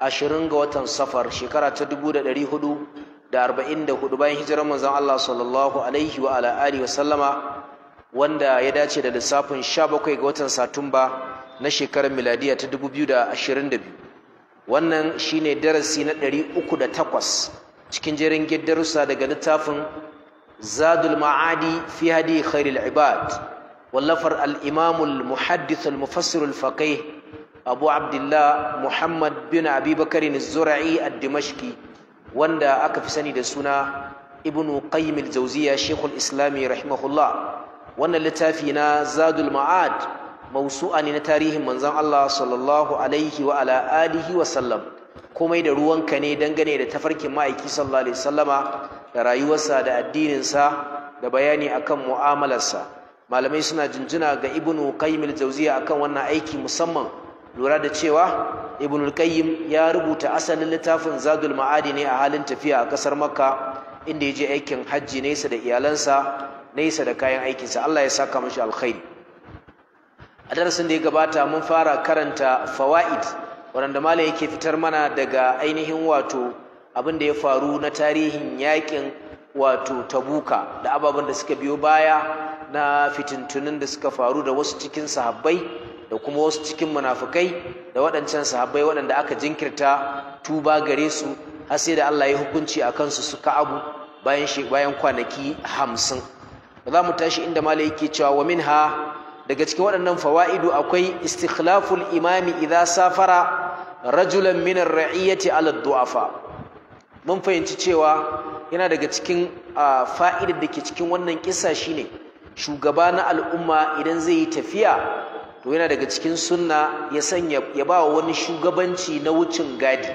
ashirin ga watan safar shekara ta dubu da ɗari hudu da arba'in da hudu bayan hijirar manzon Allah sallallahu alaihi wa ala wa sallama wanda ya dace da lissafin sha bakwai ga watan satumba na shekarar miladiya ta dubu biyu da ashirin da biyu wannan shine darasi na ɗari uku da takwas cikin jerin gidarusa daga littafin zadul ma'adi fi hadi khairul ibad wallafar al-imamul muhaddith al-mufassir abu abdullah muhammad bin abi bakarin zura'i ad-dimashqi wanda aka fi sani da suna ibnu qayyim al-jawziya shekul islami rahimahullah wannan littafi na zadul ma'ad mausu'a ne na tarihin manzon Allah sallallahu alaihi wa ala alihi wa sallam komai da ruwanka ne dangane da tafarkin ma'aiki sallallahu alaihi sallama da rayuwarsa da addininsa da bayani akan mu'amalarsa malamai suna jinjina ga ibnu qayyim al-jawziya akan wannan aiki musamman lura da cewa al qayyim ya rubuta asalin littafin zadul ma'adi ne a halin tafiya a kasar makka inda ya je aikin hajji nesa da iyalansa nesa da kayan aikinsa allah ya saka mashi alkhairi a darasin da ya gabata mun fara karanta fawaid waɗanda malam yake fitar mana daga ainihin wato abin da ya faru na tarihin yakin wato tabuka da ababen da suka biyo baya na fitintunin da suka faru da wasu cikin sahabbai da kuma wasu cikin munafukai da waɗancan sahabbai waɗanda aka jinkirta tuba gare su har sai da Allah ya hukunci a kansu su abu. bayan shi bayan kwanaki hamsin za mu tashi inda malai yake cewa wa minha daga cikin waɗannan fawa'idu akwai istikhlaful imami idza safara rajulan min ar ala du'afa mun fahimci cewa yana daga cikin fa'idar da ke cikin wannan kissa shine shugaba na al'umma idan zai yi tafiya to yana daga cikin sunna ya sanya ya ba wani shugabanci na wucin gadi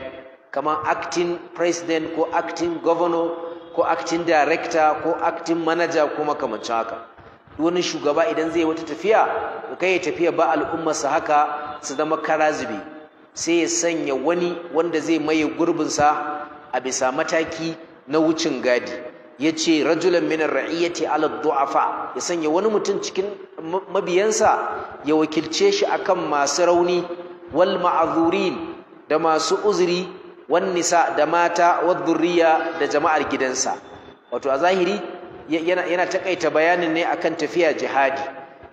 kamar acting president ko acting governor ko acting director ko acting manager ko makamancin haka wani shugaba idan zai wata tafiya to kai ya tafiya ba al'ummarsa haka su zama karazibi sai ya sanya wani wanda zai maye gurbinsa a bisa mataki na wucin gadi ya ce rajulan minar ra'iyati ala du'afa ya sanya wani mutum cikin mabiyansa ya wakilce shi akan masu rauni wal ma'azurin da masu uzuri wan nisa da mata wad dhurriya da jama'ar gidansa wato a zahiri yana yana takaita bayanin ne akan tafiya jihadi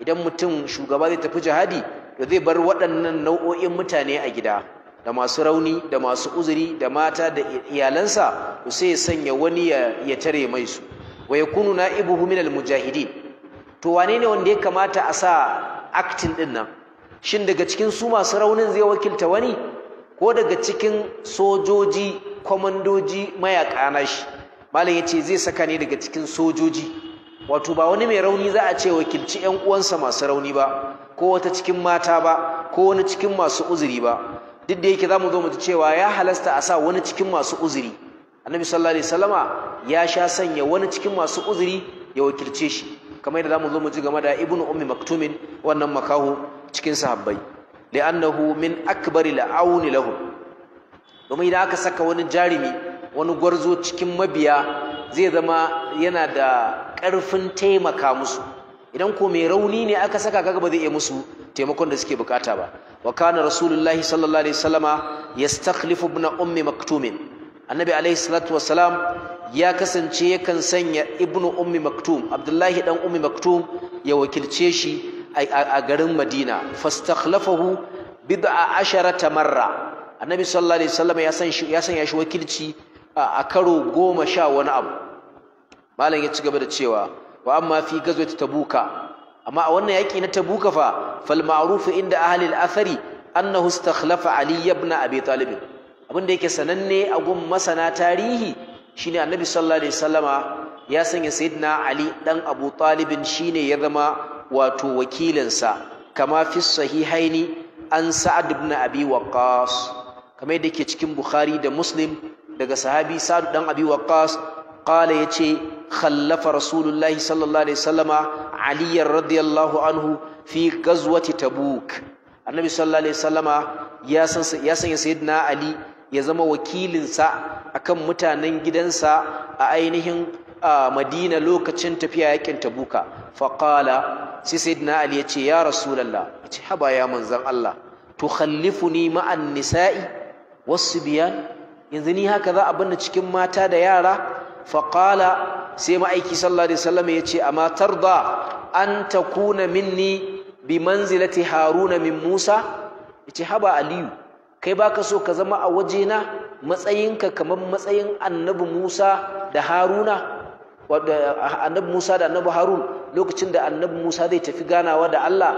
idan mutum shugaba zai tafi jihadi to zai bar waɗannan nau'o'in mutane a gida da masu rauni da masu uzuri da mata da iyalansa to sai sanya wani ya tare mai su wa yakunu na'ibuhu min al-mujahidin to wane ne wanda ya kamata a sa acting din nan shin daga cikin su masu raunin zai wakilta wani ko daga cikin sojoji kwamandoji mayaka na shi malam yace zai saka ne daga cikin sojoji wato ba wani mai rauni za a ce wakilci 'yan uwansa masu rauni ba ko wata cikin mata ba ko wani cikin masu uzuri ba duk da yake mu zo mu ji cewa ya halasta a sa wani cikin masu uzuri annabi sallallahu alaihi wasallama ya sha sanya wani cikin masu uzuri ya wakilce shi kamar yadda za mu zo mu ji game da ibnu ummi maktumin wannan makaho cikin sahabbai li'annahu min akbari la'auni lahu domin idan aka saka wani jarumi, wani gwarzo cikin mabiya zai zama yana da ƙarfin taimaka musu idan ko mai rauni ne aka saka kaga ba zai iya musu taimakon da suke bukata ba wa kana rasulullahi sallallahu alaihi wasallama yastakhlifu ibn ummi maktumin annabi alaihi salatu wassalam ya kasance yakan sanya ibn ummi maktum abdullahi dan ummi maktum ya wakilce shi a garin madina fastakhlafahu bid'a asharata marra annabi sallallahu alaihi wasallam ya sanya shi wakilci a karo goma sha wani abu malam ya ci gaba da cewa wa amma fi ta tabuka amma a wannan yaki na tabuka fa fal ma'ruf inda ahli al-athari annahu istakhlafa ali ibn abi talib abin da yake sananne a gun masana tarihi shine annabi sallallahu alaihi wasallama ya sanya sayyidina ali dan abu talib shine ya zama wato wakilinsa kama fi sahihaini an sa'ad ibn abi waqas kamar yadda yake cikin bukhari da muslim daga sahabi sa'ad dan abi waqas qala yace khallafa rasulullahi sallallahu alaihi wasallama ali radiyallahu anhu fi ghazwati tabuk annabi sallallahu alaihi wasallama ya ya sanya sayyidina ali ya zama wakilinsa akan mutanen gidansa a ainihin madina lokacin tafiya yakin tabuka faqala sai sayyidina ali yace ya rasulullah yace haba ya manzon Allah ne ma'an nisa'i Wasu biyan? yanzu ni haka za a banna cikin mata da yara faƙala sai ma'aiki sallallahu alaihi wasallam ya ce amma tarda an takuna minni bi manzilati haruna min musa ya ce haba aliyu kai baka so ka zama a wajena matsayinka kamar matsayin annabi musa da haruna annabi musa da annabi harun lokacin da annabi musa zai tafi ganawa da allah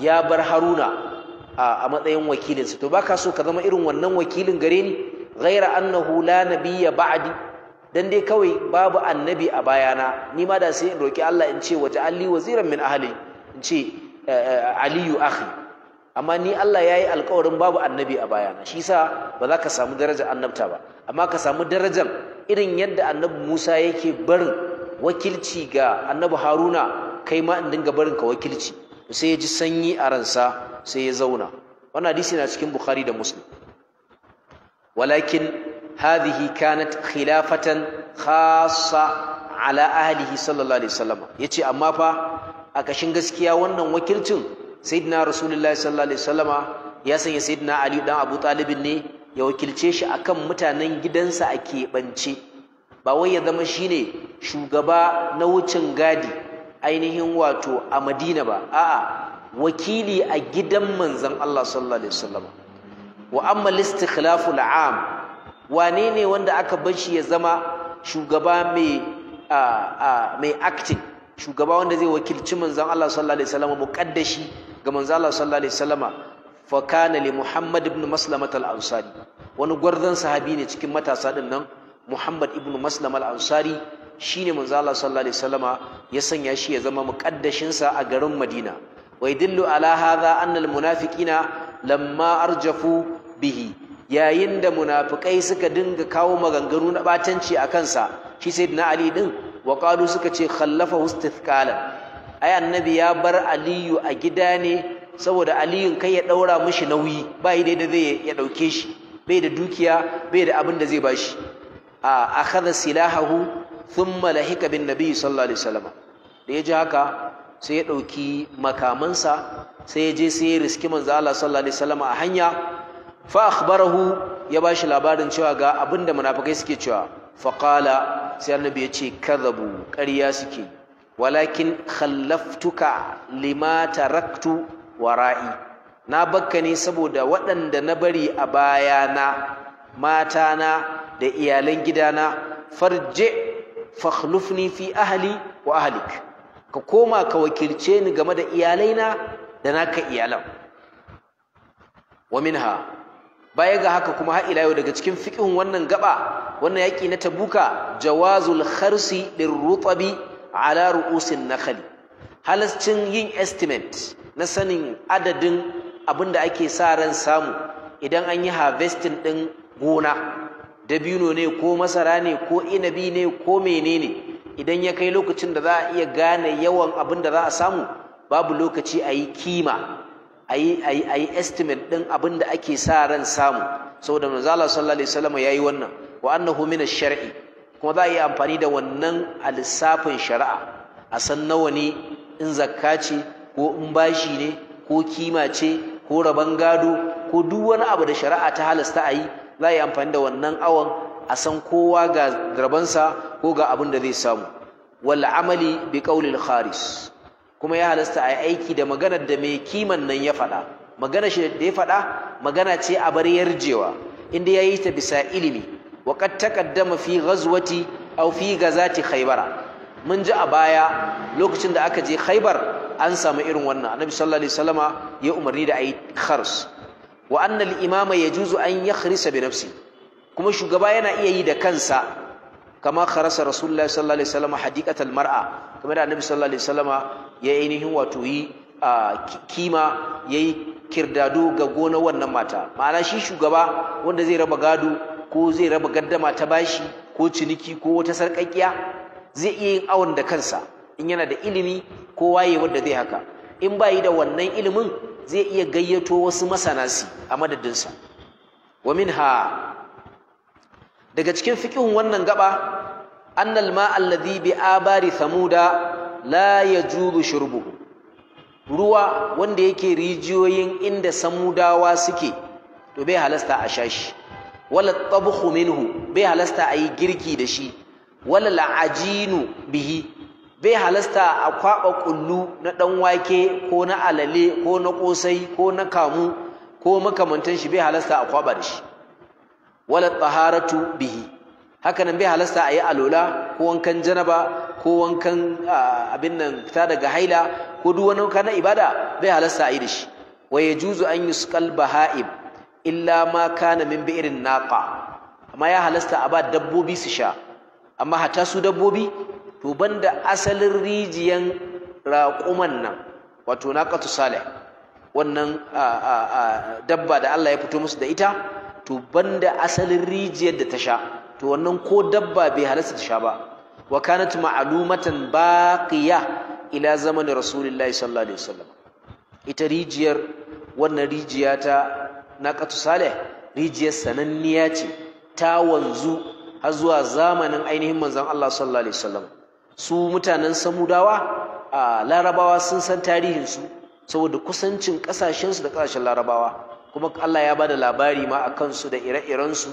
ya bar haruna a matsayin wakilinsa to baka so ka zama irin wannan wakilin gare ni ghaira annahu la nabiyya ba'di dan dai kawai babu annabi a bayana ni ma da sai in roki Allah in ce waje alli waziran min ahli in ce eh, eh, aliyu akhi amma ni Allah ya yi alƙawarin babu annabi a bayana shi yasa ba za ka samu darajar annabta ba amma ka samu darajar irin yadda annabi Musa yake barin wakilci ga annabi Haruna kai ma in dinga barin ka wakilci sai ya ji sanyi a ransa sai ya zauna wannan hadisi na cikin Bukhari da Muslim walakin هذه كانت خلافة خاصة على أهله صلى الله عليه وسلم يتي أما فا أكشن غسكيا ونن وكلتم سيدنا رسول الله صلى الله عليه وسلم يا سيدنا علي بن أبو طالب ne ya wakilce shi kan mutanen gidansa a keɓance ba wai ya zama shine shugaba na wucin gadi ainihin wato a Madina ba a'a wakili a gidan manzon Allah sallallahu alaihi wa amma am wane ne wanda aka bar shi ya zama shugaba mai mai acting shugaba wanda zai wakilci manzon Allah sallallahu alaihi wasallam muqaddashi ga manzon Allah sallallahu alaihi wasallam fa kana li Muhammad ibn Maslama al-Ansari wani gwarzon sahabi ne cikin matasa din nan Muhammad ibn Maslama al-Ansari shine manzon Allah sallallahu alaihi wasallama ya sanya shi ya zama muqaddashin sa a garin Madina wa yadullu ala hadha anna al-munafiqina lamma arjafu bihi yayin da munafikai suka dinga kawo maganganu na batanci a kansa shi sayyidina ali din wa suka ce khallafa istithqalan ai annabi ya bar aliyu a gida ne saboda aliyun kai ya ɗaura mishi nauyi ba da daidai zai ya ɗauke shi bai da dukiya bai da abin da zai bashi a akhadha silahahu thumma lahika bin nabi sallallahu alaihi wasallam da ya haka sai ya dauki makamansa sai ya je sai ya riski manzo Allah sallallahu a hanya fa akhbarahu ya bashi labarin cewa ga abinda munafikai suke cewa fa qala sai annabi ya ce kadhabu ƙarya suke walakin khallaftuka lima taraktu wara'i na bakka ne saboda waɗanda na bari a baya bayana matana da iyalan gidana farje fakhlufni fi ahli wa ahlik ka koma ka wakilce ni game da iyalaina da naka iyalan wa minha baya ga haka kuma har ila yau daga cikin fiqhin wannan gaba wannan yaki na tabuka jawazul kharsi lirrutabi ala ru'usin nakhli halascin yin estimate na sanin adadin abin da ake sa ran samu idan an yi harvesting din gona dabino ne ko masara ne ko inabi ne ko menene idan ya kai lokacin da za a iya gane yawan abin da za a samu babu lokaci a yi kima ayi ayi ayi estimate din abin da ake sa ran samu saboda manzo Allah sallallahu alaihi wasallam yayi wannan wa annahu min ash-shar'i kuma za a yi amfani da wannan a lissafin shari'a a san nawa ne in zakka ce ko in bashi ne ko kima ce ko raban gado ko duk wani abu da shari'a ta halasta a yi za a yi amfani da wannan awon a san kowa ga rabansa ko ga abin da zai samu wal amali bi qaulil kharis kuma ya halasta a yi aiki da maganar da mai kiman nan ya faɗa Magana shi da ya faɗa magana ce a bar yarjewa inda ya yi ta bisa ilimi wa qad taqaddama fi ghazwati aw fi ghazati khaybara mun ji a baya lokacin da aka je khaybar an samu irin wannan annabi sallallahu alaihi wasallama ya umarni da ayi khars wa anna al-imama yajuzu an yakhrisa bi nafsi kuma shugaba yana iya yi da kansa kama kharasa rasulullahi sallallahu alaihi wasallam hadiqatal mar'a kamar annabi sallallahu alaihi wasallam ya ainihin wato yi kima yayi kirdado ga gonar wannan mata ma'ana shi shugaba wanda zai raba gado ko zai raba gaddama ta bashi ko ciniki ko wata sarkakkiya. zai iya yin awon da kansa in yana da ilimi ko waye wanda zai haka in bayi da wannan ilimin zai iya gayyato wasu masanasi a sa wa minha daga cikin fiqhun wannan gaba annal ma alladhi bi abari samuda la yajuzu shurbuhu ruwa wanda yake rijiyoyin inda samudawa suke to bai halasta a shashi wala tabkhu minhu bai halasta ayi girki da shi wala la'ajinu bihi bai halasta a kwaɓa kullu na ɗan wake ko na alale ko na ƙosai ko na kamu ko makamantan shi bai halasta a kwaɓa da shi wala taharatu bihi haka nan bai halasta a yi alola ko wankan janaba ko wankan abin nan fita daga haila ko duk wani wanka ibada bai halasta a yi da shi wa yajuzu an yusqal baha'ib illa ma kana min bi'rin naqa amma ya halasta a ba dabbobi su sha amma hata su dabbobi to banda asalin rijiyan raƙuman nan wato naqatu salih wannan dabba da Allah ya fito musu da ita to banda asalin rijiyar da ta sha to wannan ko dabba bai halasta ta sha ba wa kanat ma'lumatan baqiya ila zamani rasulullahi sallallahu alaihi wasallam ita rijiyar wannan rijiya ta naqatu salih rijiyar sananniya ce ta wanzu har zuwa zamanin ainihin manzon Allah sallallahu alaihi wasallam su mutanen samudawa a larabawa sun san tarihin su saboda kusancin kasashen su da kasashen larabawa kuma Allah ya bada labari ma a kansu da ire-irensu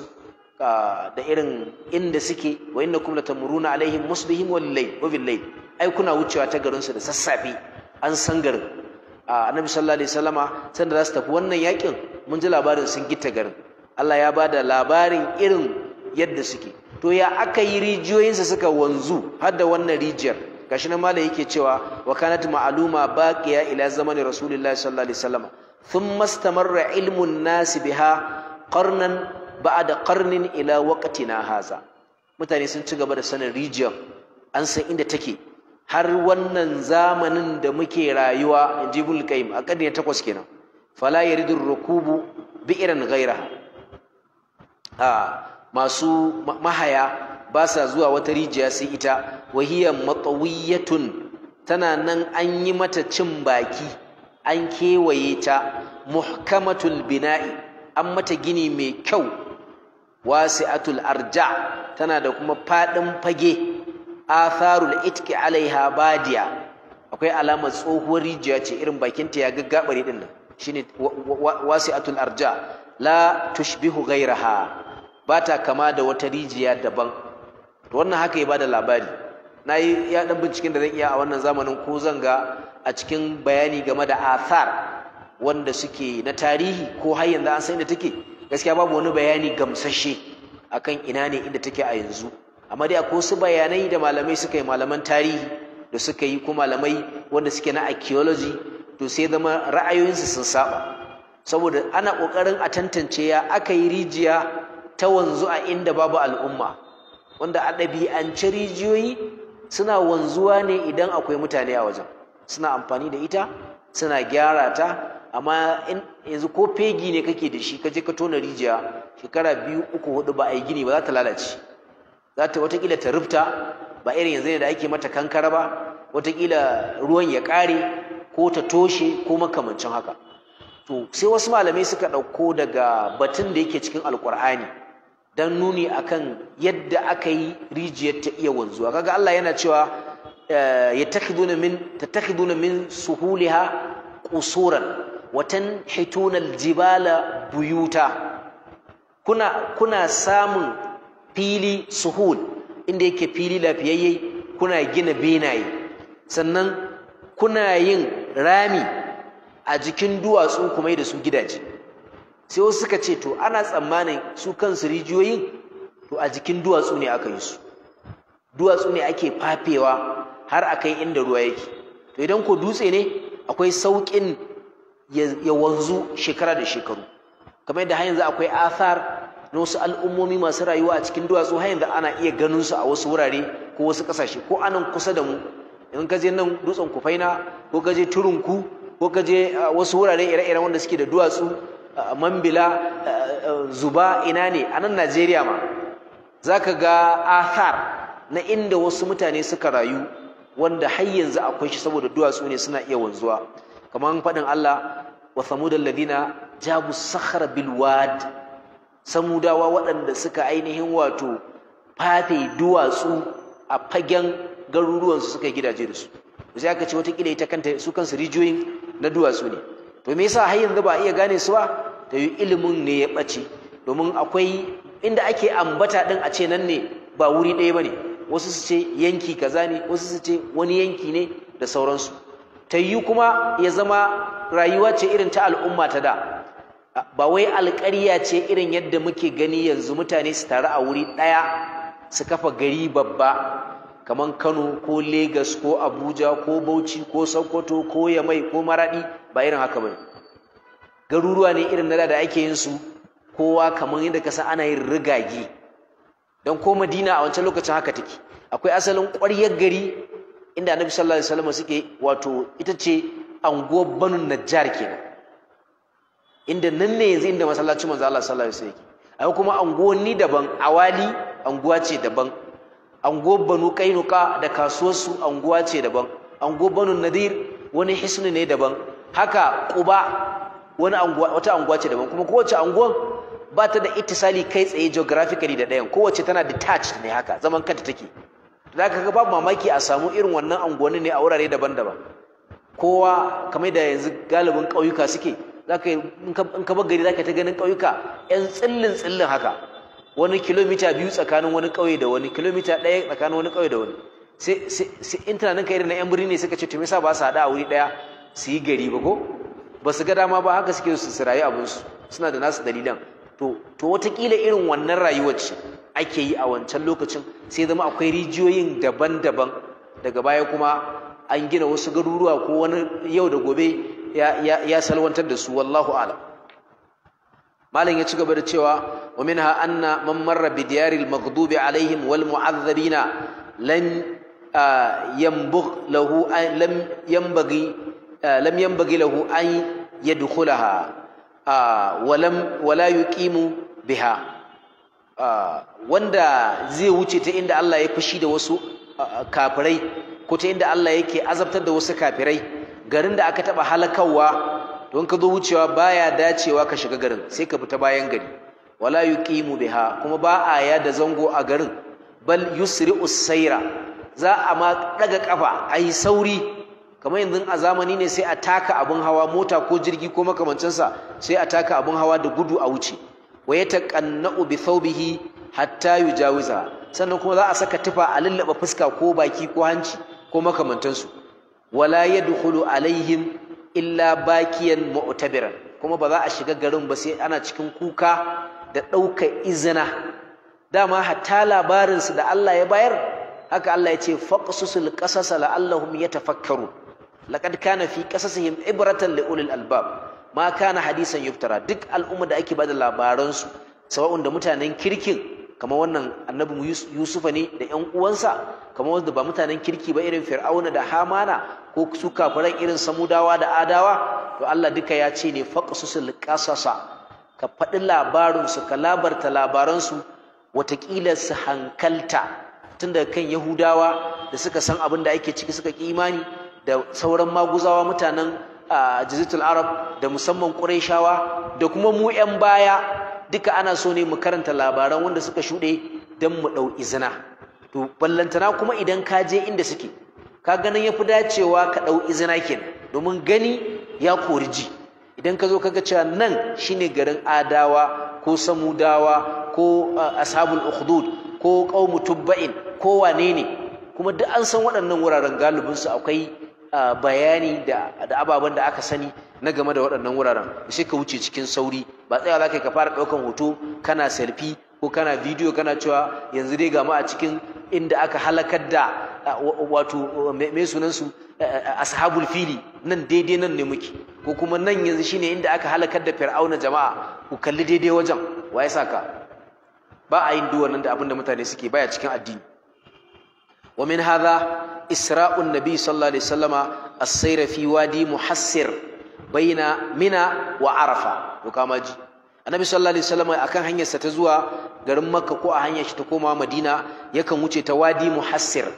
da irin inda suke wa innakum muruna alaihim musbihim wallahi wa billahi ai kuna wucewa ta garinsu da sassafe an san garin annabi sallallahu alaihi wasallama sanda za su tafi wannan yakin mun ji labarin sun gita garin Allah ya bada labarin irin yadda suke to ya aka yi rijiyoyinsa suka wanzu har da wannan rijiyar gashi na malai yake cewa wa ma'aluma baqiya ila zamanin rasulullahi sallallahu alaihi wasallama masta istamarra ilmun nasi biha qarnan da qarnin ila na haza mutane sun ci gaba da sanin rijiyar an san inda take har wannan zamanin da muke rayuwa inji ibn a karni takwas kenan fala yaridu rukubu irin gaira. a masu mahaya ba sa zuwa wata rijiya sai ita wahiyar matawiyatun tana nan an yi mata cin baki an kewaye ta muhkamatul bina'i an mata gini mai kyau wasi'atul arja tana da kuma fadin fage atharul itki alaiha badiya akwai alamar tsohuwar rijiya ce irin bakinta ya gaggabare din nan shine wasi'atul arja la tushbihu ghayraha bata kama da wata rijiya daban to wannan haka ya bada labari nayi ya dan binciken da zan iya a wannan zamanin ko zan ga a cikin bayani game da athar wanda suke na tarihi ko har yanzu an san inda take gaskiya babu wani bayani gamsashe akan ina ne inda take a yanzu amma dai akwai su bayanai da malamai suka yi malaman tarihi da suka yi ko malamai wanda suke na archaeology to sai zama ra'ayoyinsu sun saba saboda ana kokarin a tantance ya aka yi rijiya ta wanzu a inda babu al'umma wanda a ɗabi'ance rijiyoyi suna wanzuwa ne idan akwai mutane a wajen suna amfani da ita suna gyara ta amma yanzu ko fegi ne kake da shi kaje ka tona rijiya shekara biyu uku hudu ba a yi gini ba za ta lalace za ta watakila ta rufta ba irin yanzu ne da ake mata kankara ba watakila ruwan ya kare ko ta toshe ko makamancin haka to sai wasu malamai suka ɗauko daga batun da yake cikin alkur'ani dan nuni akan yadda aka yi rijiyar ta iya wanzuwa kaga Allah yana cewa yattakhiduna min tattakhiduna min suhuliha qusuran wa tanhituna aljibala buyuta kuna kuna samun fili suhul inda yake fili lafiyayye kuna gina benaye sannan kuna yin rami a jikin duwatsu kuma da su gidaje sai wasu suka ce to ana tsammanin su kansu rijiyoyin to a jikin duwatsu ne aka yi su duwatsu ne ake fafewa har a kai inda ruwa yake to idan ko dutse ne akwai sauƙin ya wanzu shekara da shekaru kamar yadda har yanzu akwai athar na wasu al'ummomi masu rayuwa a cikin duwatsu har yanzu ana iya ganin su a wasu wurare ko wasu ƙasashe ko anan kusa da mu Idan ka je nan dutsen kufaina ko ka je turunku ko ka je wasu wurare ire-iren wanda suke da duwatsu mambila zuba ina ne a nan najeriya ma za ka ga athar na inda wasu mutane suka rayu wanda har yanzu akwai shi saboda duwatsu ne suna iya wanzuwa kamar faɗin Allah wa thamud alladhina jabu sakhara bil wad samudawa waɗanda suka ainihin wato fafe duwatsu a fagen garuruwansu suka gidaje da su sai aka ce wata kila ita kanta su kansu rijiyoyin na duwatsu ne to me yasa har yanzu ba a iya gane su ba Da yi ilimin ne ya bace domin akwai inda ake ambata ɗin a ce nan ne ba wuri ɗaya ba ne wasu su ce yanki kaza ne wasu su ce wani yanki ne da sauransu ta yi kuma ya zama rayuwa ce irin ta al'umma ta da ba wai alƙarya ce irin yadda muke gani yanzu mutane su taru a wuri ɗaya su kafa gari babba kamar kano ko Legas ko abuja ko bauchi ko sokoto ko yamai ko maradi ba irin haka bane garuruwa ne irin na da ake yin su kowa kamar yadda ka san ana yin rigage don ko madina a wancan lokacin haka take akwai asalin ƙwaryar gari inda annabi sallallahu alaihi wasallam suke wato ita ce anguwar banu najjar kenan inda nan ne yanzu inda masallacin manzo Allah sallallahu alaihi wasallam yake akwai kuma anguwanni daban awali anguwa ce daban anguwar banu kainuka da kasuwarsu anguwa ce daban anguwar banu nadir wani hisnu ne daban haka quba wani anguwa wata anguwa ce daban kuma kowace anguwar ba ta da itisali kai tsaye geographically da ɗayan kowace tana detached ne haka zaman kanta take da kaga babu mamaki a samu irin wannan unguwanni ne a wurare daban-daban kowa kamar da yanzu galibin ƙauyuka suke zaka in ka bar gari zaka ta ganin ƙauyuka yan tsillin tsillin haka wani kilomita biyu tsakanin wani ƙauye da wani kilomita ɗaya tsakanin wani ƙauye da wani sai sai in nan ka irin na yan birni ne suka ce to me yasa ba su haɗa a wuri ɗaya su yi gari ba ko ba su ga dama ba haka suke su rayu abinsu suna da nasu dalilan to to watakila irin wannan rayuwar ce ake yi a wancan lokacin sai zama akwai rijiyoyin daban-daban daga baya kuma an gina wasu garuruwa ko wani yau da gobe ya salwantar da su wallahu alam malam ya ci gaba da cewa wa minha anna man marra bi diyaril maghdubi alaihim wal mu'azzabina lan yanbugh lahu lam yanbaghi lam yanbaghi lahu wala yuqimu biha wanda zai wuce ta inda Allah ya fushi da wasu kafirai ko ta inda Allah yake azabtar da wasu kafirai garin da aka taba halakawa don ka zo wucewa baya dacewa ka shiga garin sai ka fita bayan gari wala yuqimu biha kuma ba a ya da zango a garin bal yusri'us sayra za a ma daga kafa ai sauri kamar yanzu a zamani ne sai a taka abin hawa mota ko jirgi ko makamancinsa sai a taka abin hawa da gudu a wuce wa ya taqanna'u bi thawbihi hatta yujawiza sannan kuma za a saka tufa a lullaba fuska ko baki ko hanci ko makamantansu wala yadkhulu alaihim illa bakiyan mu'tabiran kuma ba za a shiga garin ba sai ana cikin kuka da ɗaukar izina dama hatta labarinsu da Allah ya bayar haka Allah ya ce faqsusul qasasa la'allahum yatafakkarun ka na fi qasasihim ibratan li ulil albab ma na hadisan yuftara duk al'umma da ake bada labaran su sawa'un da mutanen kirkin kama wannan annabi yusufa ne da yan uwansa kamar wanda ba mutanen kirki ba irin fir'auna da hamana ko su kafiran irin samudawa da adawa to Allah duka ya ce ne faqsusul qasasa ka faɗi su ka labarta labaransu watakila su hankalta tun daga kan yahudawa da suka san abin da ake ciki suka ƙi imani da sauran maguzawa mutanen jizitul arab da musamman ƙurayshawa da kuma mu 'yan baya duka ana so ne mu karanta labaran wanda suka shuɗe don mu ɗau izina to ballantana kuma idan ka je inda suke ka ganin ya fi dacewa ka ɗau izina kenan domin gani ya kori ji idan ka zo kaga cewa nan shine garin adawa ko samudawa ko ashabul ukhdud ko qaumu tubba'in ko wane ne kuma duk an san waɗannan wuraren galibinsu akwai bayani da ababen da aka sani na game da waɗannan wuraren sai ka wuce cikin sauri ba tsaya za ka fara ɗaukan hoto kana selfi ko kana bidiyo kana cewa yanzu dai gama a cikin inda aka halakar da wato mai sunansu ashabul fili nan daidai nan ne muke ko kuma nan yanzu shine inda aka halakar da fir'auna jama'a ku kalli daidai wajen waye saka ba a yin nan da abin da mutane suke baya cikin addini wa min hadha isra'un nabi sallallahu alaihi wasallama as wadi muhassir baina mina wa arafa to kama ji annabi sallallahu alaihi wasallama akan ta zuwa garin makka ko a hanyar shi ta komawa madina yakan wuce ta wadi muhassir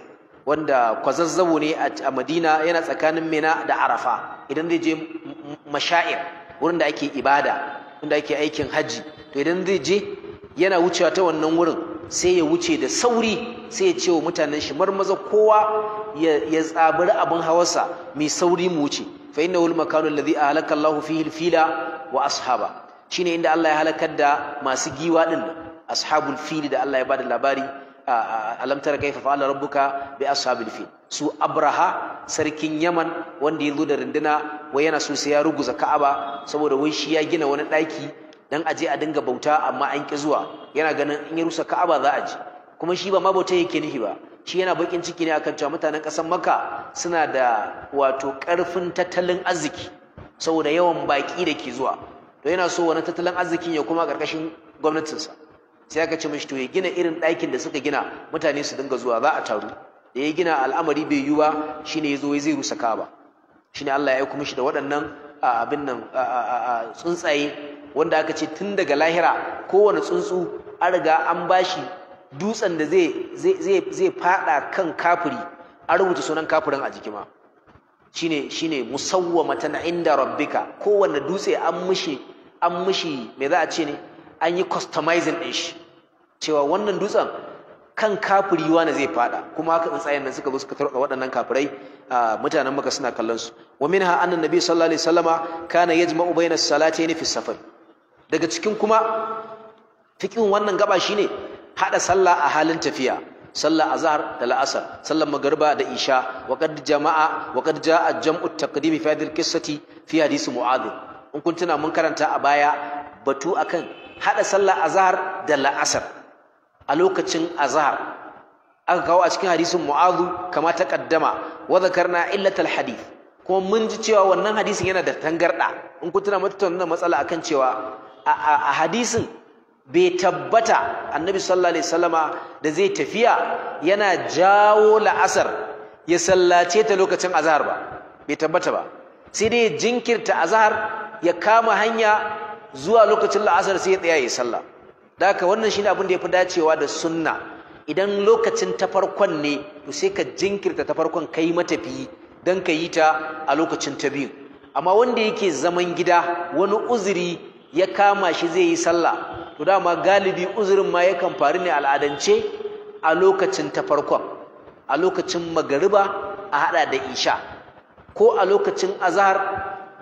wanda kwazazzabo ne a madina yana tsakanin mina da arafa idan zai je mashair wurin da ake ibada da ake aikin haji to idan zai je yana wucewa ta wannan wurin sai ya wuce da sauri sai ya ce wa mutanen shi marmaza kowa ya tsabiri abin hawarsa mai sauri mu wuce fa inna wal makanu alladhi ahlaka Allahu fihi fila wa ashaba shine inda Allah ya halakar da masu giwa ɗin ashabul fili da Allah ya ba da labari alam tara kaifa fa'ala rabbuka bi ashabil fil su abraha sarkin yaman wanda ya zo da runduna wai yana so sai ya ruguza ka'aba saboda wai shi ya gina wani daki dan aje a dinga bauta amma an ki zuwa yana ganin in ya rusa Ka'aba za a ji kuma shi ba ma bauta yake nihi ba shi yana bakin ciki ne akan cewa mutanen ƙasar Makka suna da wato ƙarfin tattalin arziki saboda yawan baki da ke zuwa to yana so wani tattalin arziki ya kuma ƙarƙashin gwamnatinsa sai aka ce mishi to ya gina irin ɗakin da suka gina mutane su dinga zuwa za a taru da ya gina al'amari bai yiwu ba shine ya zo zai rusa Ka'aba shine Allah ya aiko mishi da waɗannan abin nan tsuntsaye wanda aka ce tun daga lahira kowane tsuntsu an riga an bashi dutsen da zai zai fada kan kafiri an rubuta sunan kafirin a jiki ma shine shine musawwamatan inda rabbika kowanne dutse an mishi an mishi me za a ce ne an yi customizing din shi cewa wannan dutsen kan kafiri wani zai fada kuma haka tsayen nan suka zo suka tarka waɗannan kafirai mutanen maka suna kallon su wa minha anna nabi sallallahu alaihi wasallama kana yajma'u bayna na salatayn fi safar daga cikin kuma fiƙin wannan gaba shine hada sallah a halin tafiya sallah azhar da la'asar sallar magriba da isha wa qad jama'a wa qad ja'a jam'u taqdimi fi hadhihi qissati fi hadisi mu'adh in kun tuna mun karanta a baya batu akan hada sallah azhar da la'asar a lokacin azhar aka kawo a cikin hadisin mu'adh kama ta kaddama wa dhakarna illatal hadith kuma mun ji cewa wannan hadisin yana da tangarda in kun tuna mun tattauna matsala akan cewa a hadisin bai tabbata annabi sallallahu alaihi wasallama da zai tafiya yana jawo la'asar ya sallace ta lokacin azhar ba bai tabbata ba sai dai jinkirta azhar ya kama hanya zuwa lokacin la'asar sai ya tsaya ya sallah da haka wannan shine abin da yafi dacewa da sunna idan lokacin ta farkon ne to sai ka jinkirta ta farkon kai matafi dan ka yi ta a lokacin ta biyu amma wanda yake zaman gida wani uzuri ya kama shi zai yi sallah to dama galibi uzurin ma yakan faru ne al'adance a lokacin ta farkon a lokacin magariba a hada da isha ko a lokacin azhar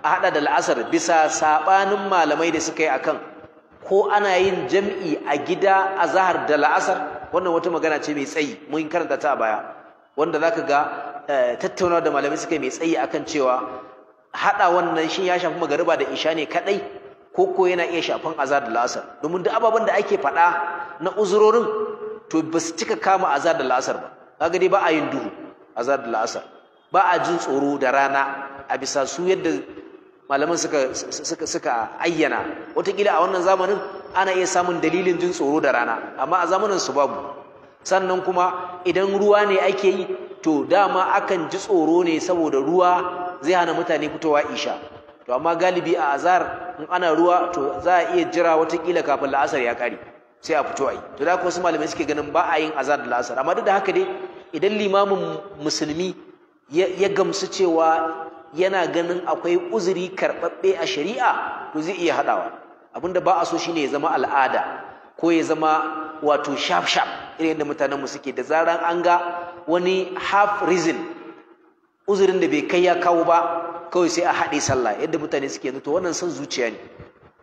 a hada da la'asar bisa sabanin malamai da suka yi akan ko ana yin jam'i a gida azhar da la'asar wannan wata magana ce mai tsayi mun karanta ta a baya wanda zaka ga eh, tattaunawa da malamai suka yi mai tsayi akan cewa hada wannan shin ya shafi magariba da isha ne kadai ko ko yana iya shafan azar da la'asar domin da ababen da ake faɗa na uzurorin to ba su cika kama azar da la'asar ba kaga dai ba a yin duhu azar da la'asar ba a jin tsoro da rana a bisa su yadda malaman suka ayyana wataƙila a wannan zamanin ana iya samun dalilin jin tsoro da rana amma a zamanin su babu sannan kuma idan ruwa ne ake yi to dama akan ji tsoro ne saboda ruwa zai hana mutane fitowa isha to amma galibi a azar in ana ruwa to za a iya jira watakila kafin la'asar ya kare sai a fito ai to da wasu malamai suke ganin ba a yin azar da la'asar amma duk da haka dai idan limamin musulmi ya gamsu cewa yana ganin akwai uzuri karɓaɓɓe a shari'a to zai iya haɗawa abinda ba a so shine ya zama al'ada ko ya zama wato sharp sharp irin yadda mutanen mu suke da zaran an ga wani half reason uzurin da bai kai ya kawo ba kawai sai a haɗe sallah yadda mutane suke yanzu to wannan sun zuciya ne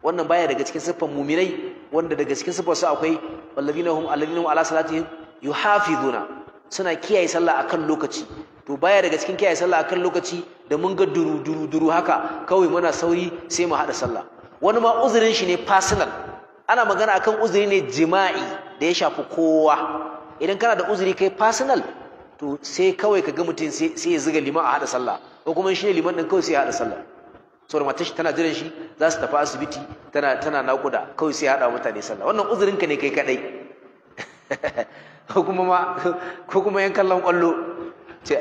wannan baya daga cikin siffar muminai wanda daga cikin siffar su akwai wallazina hum alladhina ala salatihim yuhafizuna suna kiyaye sallah akan lokaci to baya daga cikin kiyaye sallah akan lokaci da mun ga duru duru duru haka kawai muna sauri sai mu haɗa sallah wani ma uzurin shi ne personal ana magana akan uzuri ne jima'i da ya shafi kowa idan kana da uzuri kai personal to sai kawai ka ga mutum sai ya ziga liman a haɗa sallah ko kuma shi ne liman ɗin kawai sai ya haɗa sallah saboda matar shi tana jiran shi za su tafi asibiti tana tana naƙuda kawai sai ya haɗa mutane sallah wannan uzurin ka ne kai kadai ko kuma ma ko kuma yan kallon kwallo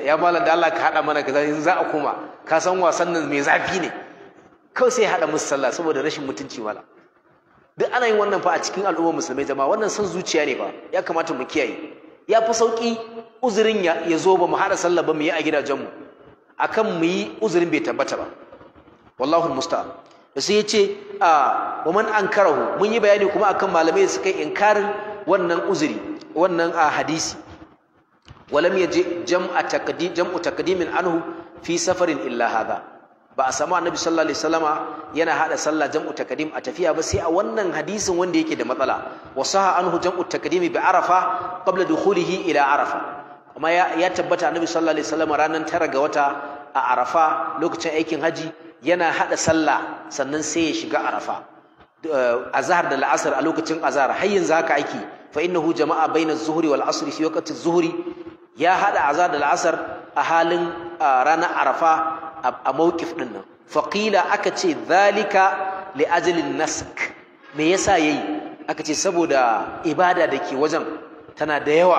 ya malam da Allah ka haɗa mana ka yanzu za a koma ka san wasan nan mai zafi ne kawai sai ya haɗa musu sallah saboda rashin mutunci malam duk ana yin wannan fa a cikin al'ummar musulmai jama'a wannan san zuciya ne fa ya kamata mu kiyaye ya fi sauki uzurin ya zo ba mu haɗa sallah ba mu yi a gidajenmu akan mu yi uzurin bai tabbata ba wallahu musta'an sai ya ce a wa man ankarahu mun yi bayani kuma akan malamai da suka inkarin wannan uzuri wannan a hadisi walam yaji jam'a taqdim jam'u taqdimin anhu fi safarin illa hadha ba a samu annabi sallallahu alaihi wasallama yana hada sallah jam'u taqdim a tafiya ba sai a wannan hadisin wanda yake da matsala wa saha anhu jam'u taqdimi bi arafa qabla dukhulihi ila arafa ama ya tabbata annabi sallallahu alaihi wasallam ranar tara ga wata a arafa lokacin aikin haji yana hada sallah sannan sai ya shiga arafa eh, azhar da la'asar a lokacin azhar har yanzu haka aiki fa innahu jama'a baina zuhri wal asr fi waqti zuhri ya hada azhar da la'asar a halin ranar arafa a mawqif din nan faqila aka ce zalika li ajlin nask me yasa yayi aka ce saboda ibada da ke wajen tana da yawa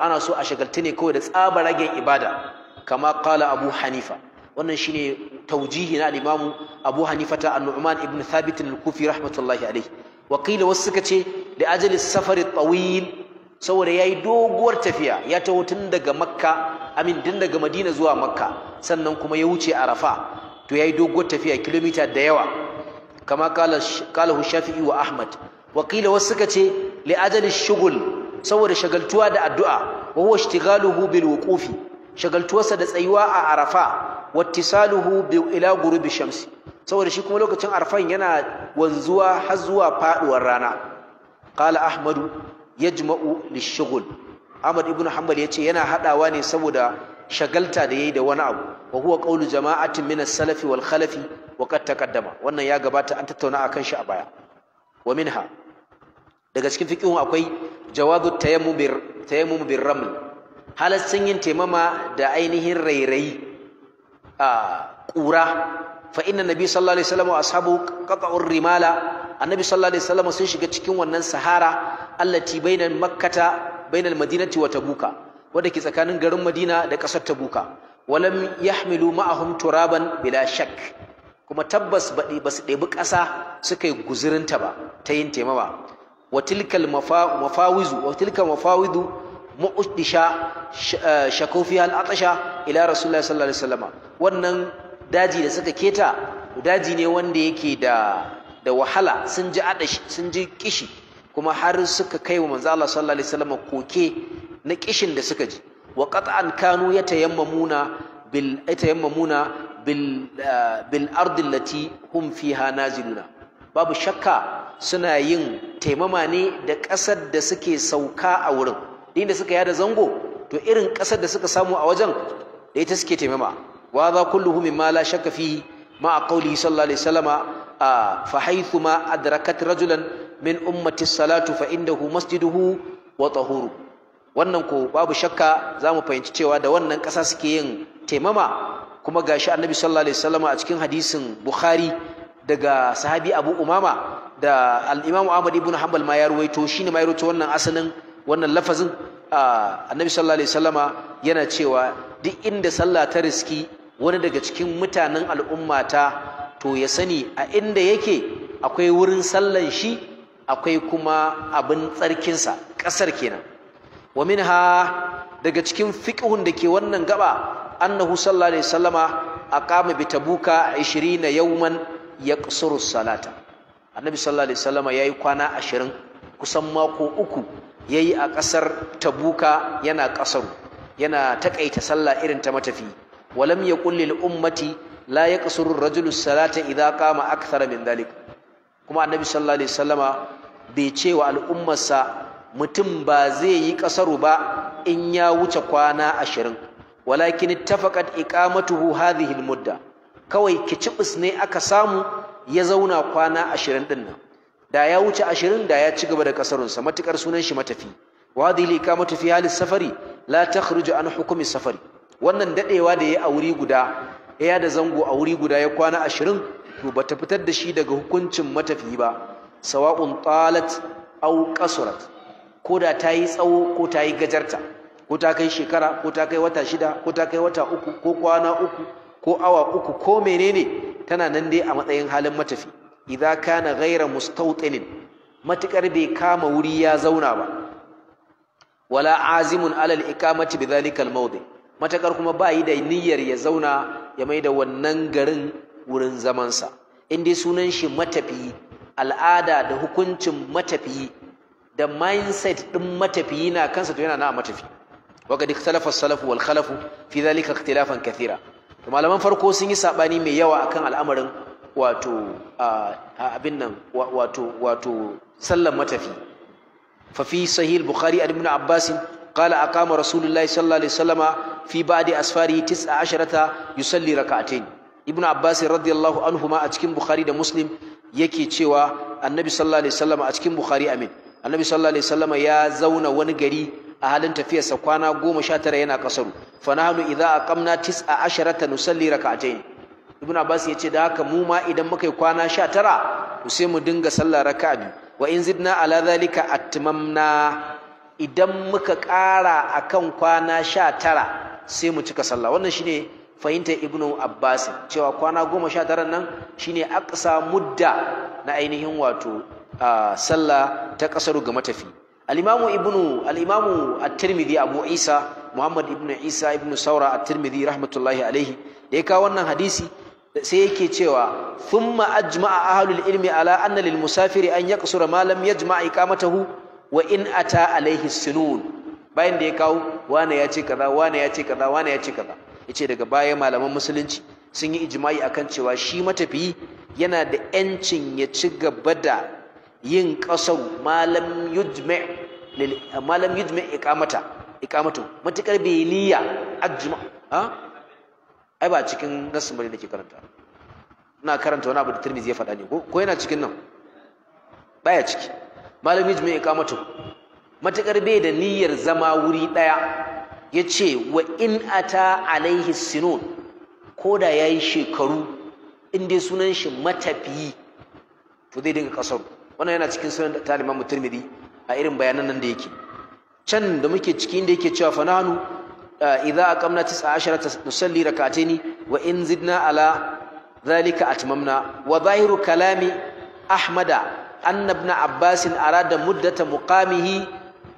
ana so a shagaltu ne kawai da tsaba ragen ibada kama qala abu hanifa wannan shine taujihi na al-imam abu hanifa ta an-nu'man ibn thabit al-kufi rahmatullahi alayhi wa qila wasu suka ce da ajali safari tawil saboda yayi doguwar tafiya ya taho tun daga makka amin tun daga madina zuwa makka sannan kuma ya wuce arafa to yayi doguwar tafiya kilomita da yawa kama qala qala shafi'i wa ahmad wa qila wasu suka ce li ajali shugul saboda shagaltuwa da addu'a wa huwa ishtighaluhu bil wuqufi shagaltuwarsa da tsayuwa a arafa wattisaluhu bi ila ghurubi shamsi saboda shi kuma lokacin arfan yana wanzuwa har zuwa faduwar rana qala ahmadu yajma'u lishghul ahmad ibn ya ce yana haɗawa ne saboda shagalta da yayi da wani abu wa huwa qawlu jama'atin min salafi wal khalafi wa qad taqaddama wannan ya gabata an tattauna akan shi a baya wa minha daga cikin fiqihun akwai jawazu tayammum bir raml sun yin taimama da ainihin rairayi a ƙura fa inna nabi sallallahu alaihi wasallam wa ashabu qata'ur rimala annabi sallallahu alaihi wasallam sun shiga cikin wannan sahara allati bainal makkata bainal madinati wa tabuka wanda ke tsakanin garin madina da ƙasar tabuka walam yahmilu ma'ahum turaban bila shak kuma tabbas ba su ɗebi ƙasa suka yi guzurinta ba ta yin taimama wa tilkal mafawizu wa tilkal mafawidu mu'uddisha shakofiya eh, al'atasha ila rasulullahi sallallahu alaihi wasallam wannan daji da suka keta daji ne wanda yake da wahala sun ji kishi kuma har suka kai wa manzo sallallahu alaihi wasallam koke na kishin da suka ji wa qat'an kanu yatayammamuna bil bil eh, bil ardi hum fiha naziluna babu shakka suna yin taimama ne da ƙasar da suke sauka a wurin inda suka yada zango to irin ƙasar da suka samu a wajen da ita suke taimama wa za kulluhu mimma la shakka fi ma qawli sallallahu alaihi wasallama fa haythu ma adrakat rajulan min ummati salatu fa indahu masjiduhu wa tahuru wannan ko babu shakka zamu fahimci cewa da wannan ƙasa suke yin taimama kuma gashi annabi sallallahu alaihi wasallama a cikin hadisin bukhari daga sahabi Abu Umama da al'imamu Ahmad ibn Hanbal ma ya ruwaito shine ma ya ruwaito wannan asalin wannan lafazin Annabi sallallahu alaihi wasallama yana cewa duk inda sallah ta riski wani daga cikin mutanen al'umma ta to ya sani a inda yake akwai wurin sallan shi akwai kuma abin tsarkinsa ƙasar kenan wa minha daga cikin fiqhun da ke wannan gaba annahu sallallahu alaihi wasallama aqama bi tabuka 20 yawman yaqsuru salata annabi sallallahu alaihi wasallam yayi kwana ashirin kusan mako uku yayi a kasar tabuka yana kasaru yana taƙaita sallah irin ta matafi walam yaqul lil ummati la yaqsuru ar-rajulu salata idza qama akthara min dhalik kuma annabi sallallahu alaihi wasallama bai ce wa al'ummarsa mutum ba zai yi kasaru ba in ya wuce kwana 20 walakin ittafaqat iqamatuhu hadhihi al-mudda kawai kicibis ne aka samu ya zauna kwana ashirin ɗin nan da ya wuce ashirin da ya ci gaba da kasarunsa matuƙar sunan shi matafi wadi li kamatu fi halis safari la takhruju an hukumi safari wannan dadewa da yayi a wuri guda ya da zango a wuri guda ya kwana ashirin to bata fitar da shi daga hukuncin matafi ba sawa'un talat aw qasurat ko da ta yi tsawo ko ta yi gajarta ko ta kai shekara ko ta kai wata shida ko ta kai wata uku ko kwana uku ko awa uku ko menene tana nan dai a matsayin halin matafi idza kana ghaira mustawtinin matukar bai kama wuri ya zauna ba wala azimun alal ikamati bidhalika almawdi matakar kuma ba yi da niyyar ya zauna ya mai da wannan garin wurin zamansa in dai sunan shi matafiyi al'ada da hukuncin matafi da mindset din matafi na kansa to yana na matafi وقد اختلف السلف والخلف في ذلك اختلافا كثيرا to malaman farko sun yi sabani mai yawa akan al'amarin wato abin nan wato wato sallan matafi fa fi sahih bukhari ibn abbas قال أقام رسول الله صلى الله عليه وسلم في بعد أسفاره تسع عشرة يصلي ركعتين ابن عباس رضي الله عنهما أتكين yake cewa annabi sallallahu alaihi wasallam a cikin bukhari amin annabi sallallahu alaihi wasallam ya zauna wani gari a halin tafiyarsa kwana goma sha tara yana kasaru fa nahnu idza aqamna tis'a asharata nusalli rak'atayn ibnu abbas yace da haka mu ma idan muka yi kwana sha tara to sai mu dinga sallah raka'a biyu wa in zidna ala dhalika atmamna idan muka ƙara akan kwana sha tara sai mu cika sallah wannan shine fahimtar ibnu abbas cewa kwana goma sha tara nan shine aqsa mudda na ainihin wato ah, sallah ta kasaru ga matafi al-imamu ibnu al-imamu abu isa muhammad ibnu isa ibnu saura at-tirmidhi rahmatullahi alaihi da ya kawo wannan hadisi sai yake cewa thumma ajma'a ahlul ilmi ala anna musafiri an yaqsura ma lam yajma' iqamatahu wa in ata alaihi sunun bayan da ya kawo wane ya ce kaza wane ya kaza ya ce daga baya malaman musulunci sun yi ijma'i akan cewa shi matafiyi yana da yancin ya ci gaba da yin ƙasar malam yujma' malam yujma' iqamata iqamatu matakar bai niyya ajma ha ai ba cikin nasin bane nake karanta ina karanta wani abu da turmi ya faɗa ne ko yana cikin nan baya ciki malam yujma' iqamatu matakar bai da niyyar zama wuri daya yace wa in ata alaihi sinun koda yayi shekaru in dai sunan shi matafiyi to zai dinga kasaru wannan yana cikin sunan ta Imam a irin bayanan nan da yake can da muke cikin da yake cewa fananu idza aqamna ashara tusalli rak'ataini wa in zidna ala dhalika atmamna wa zahiru kalami ahmada anna ibn abbas arada muddata muqamihi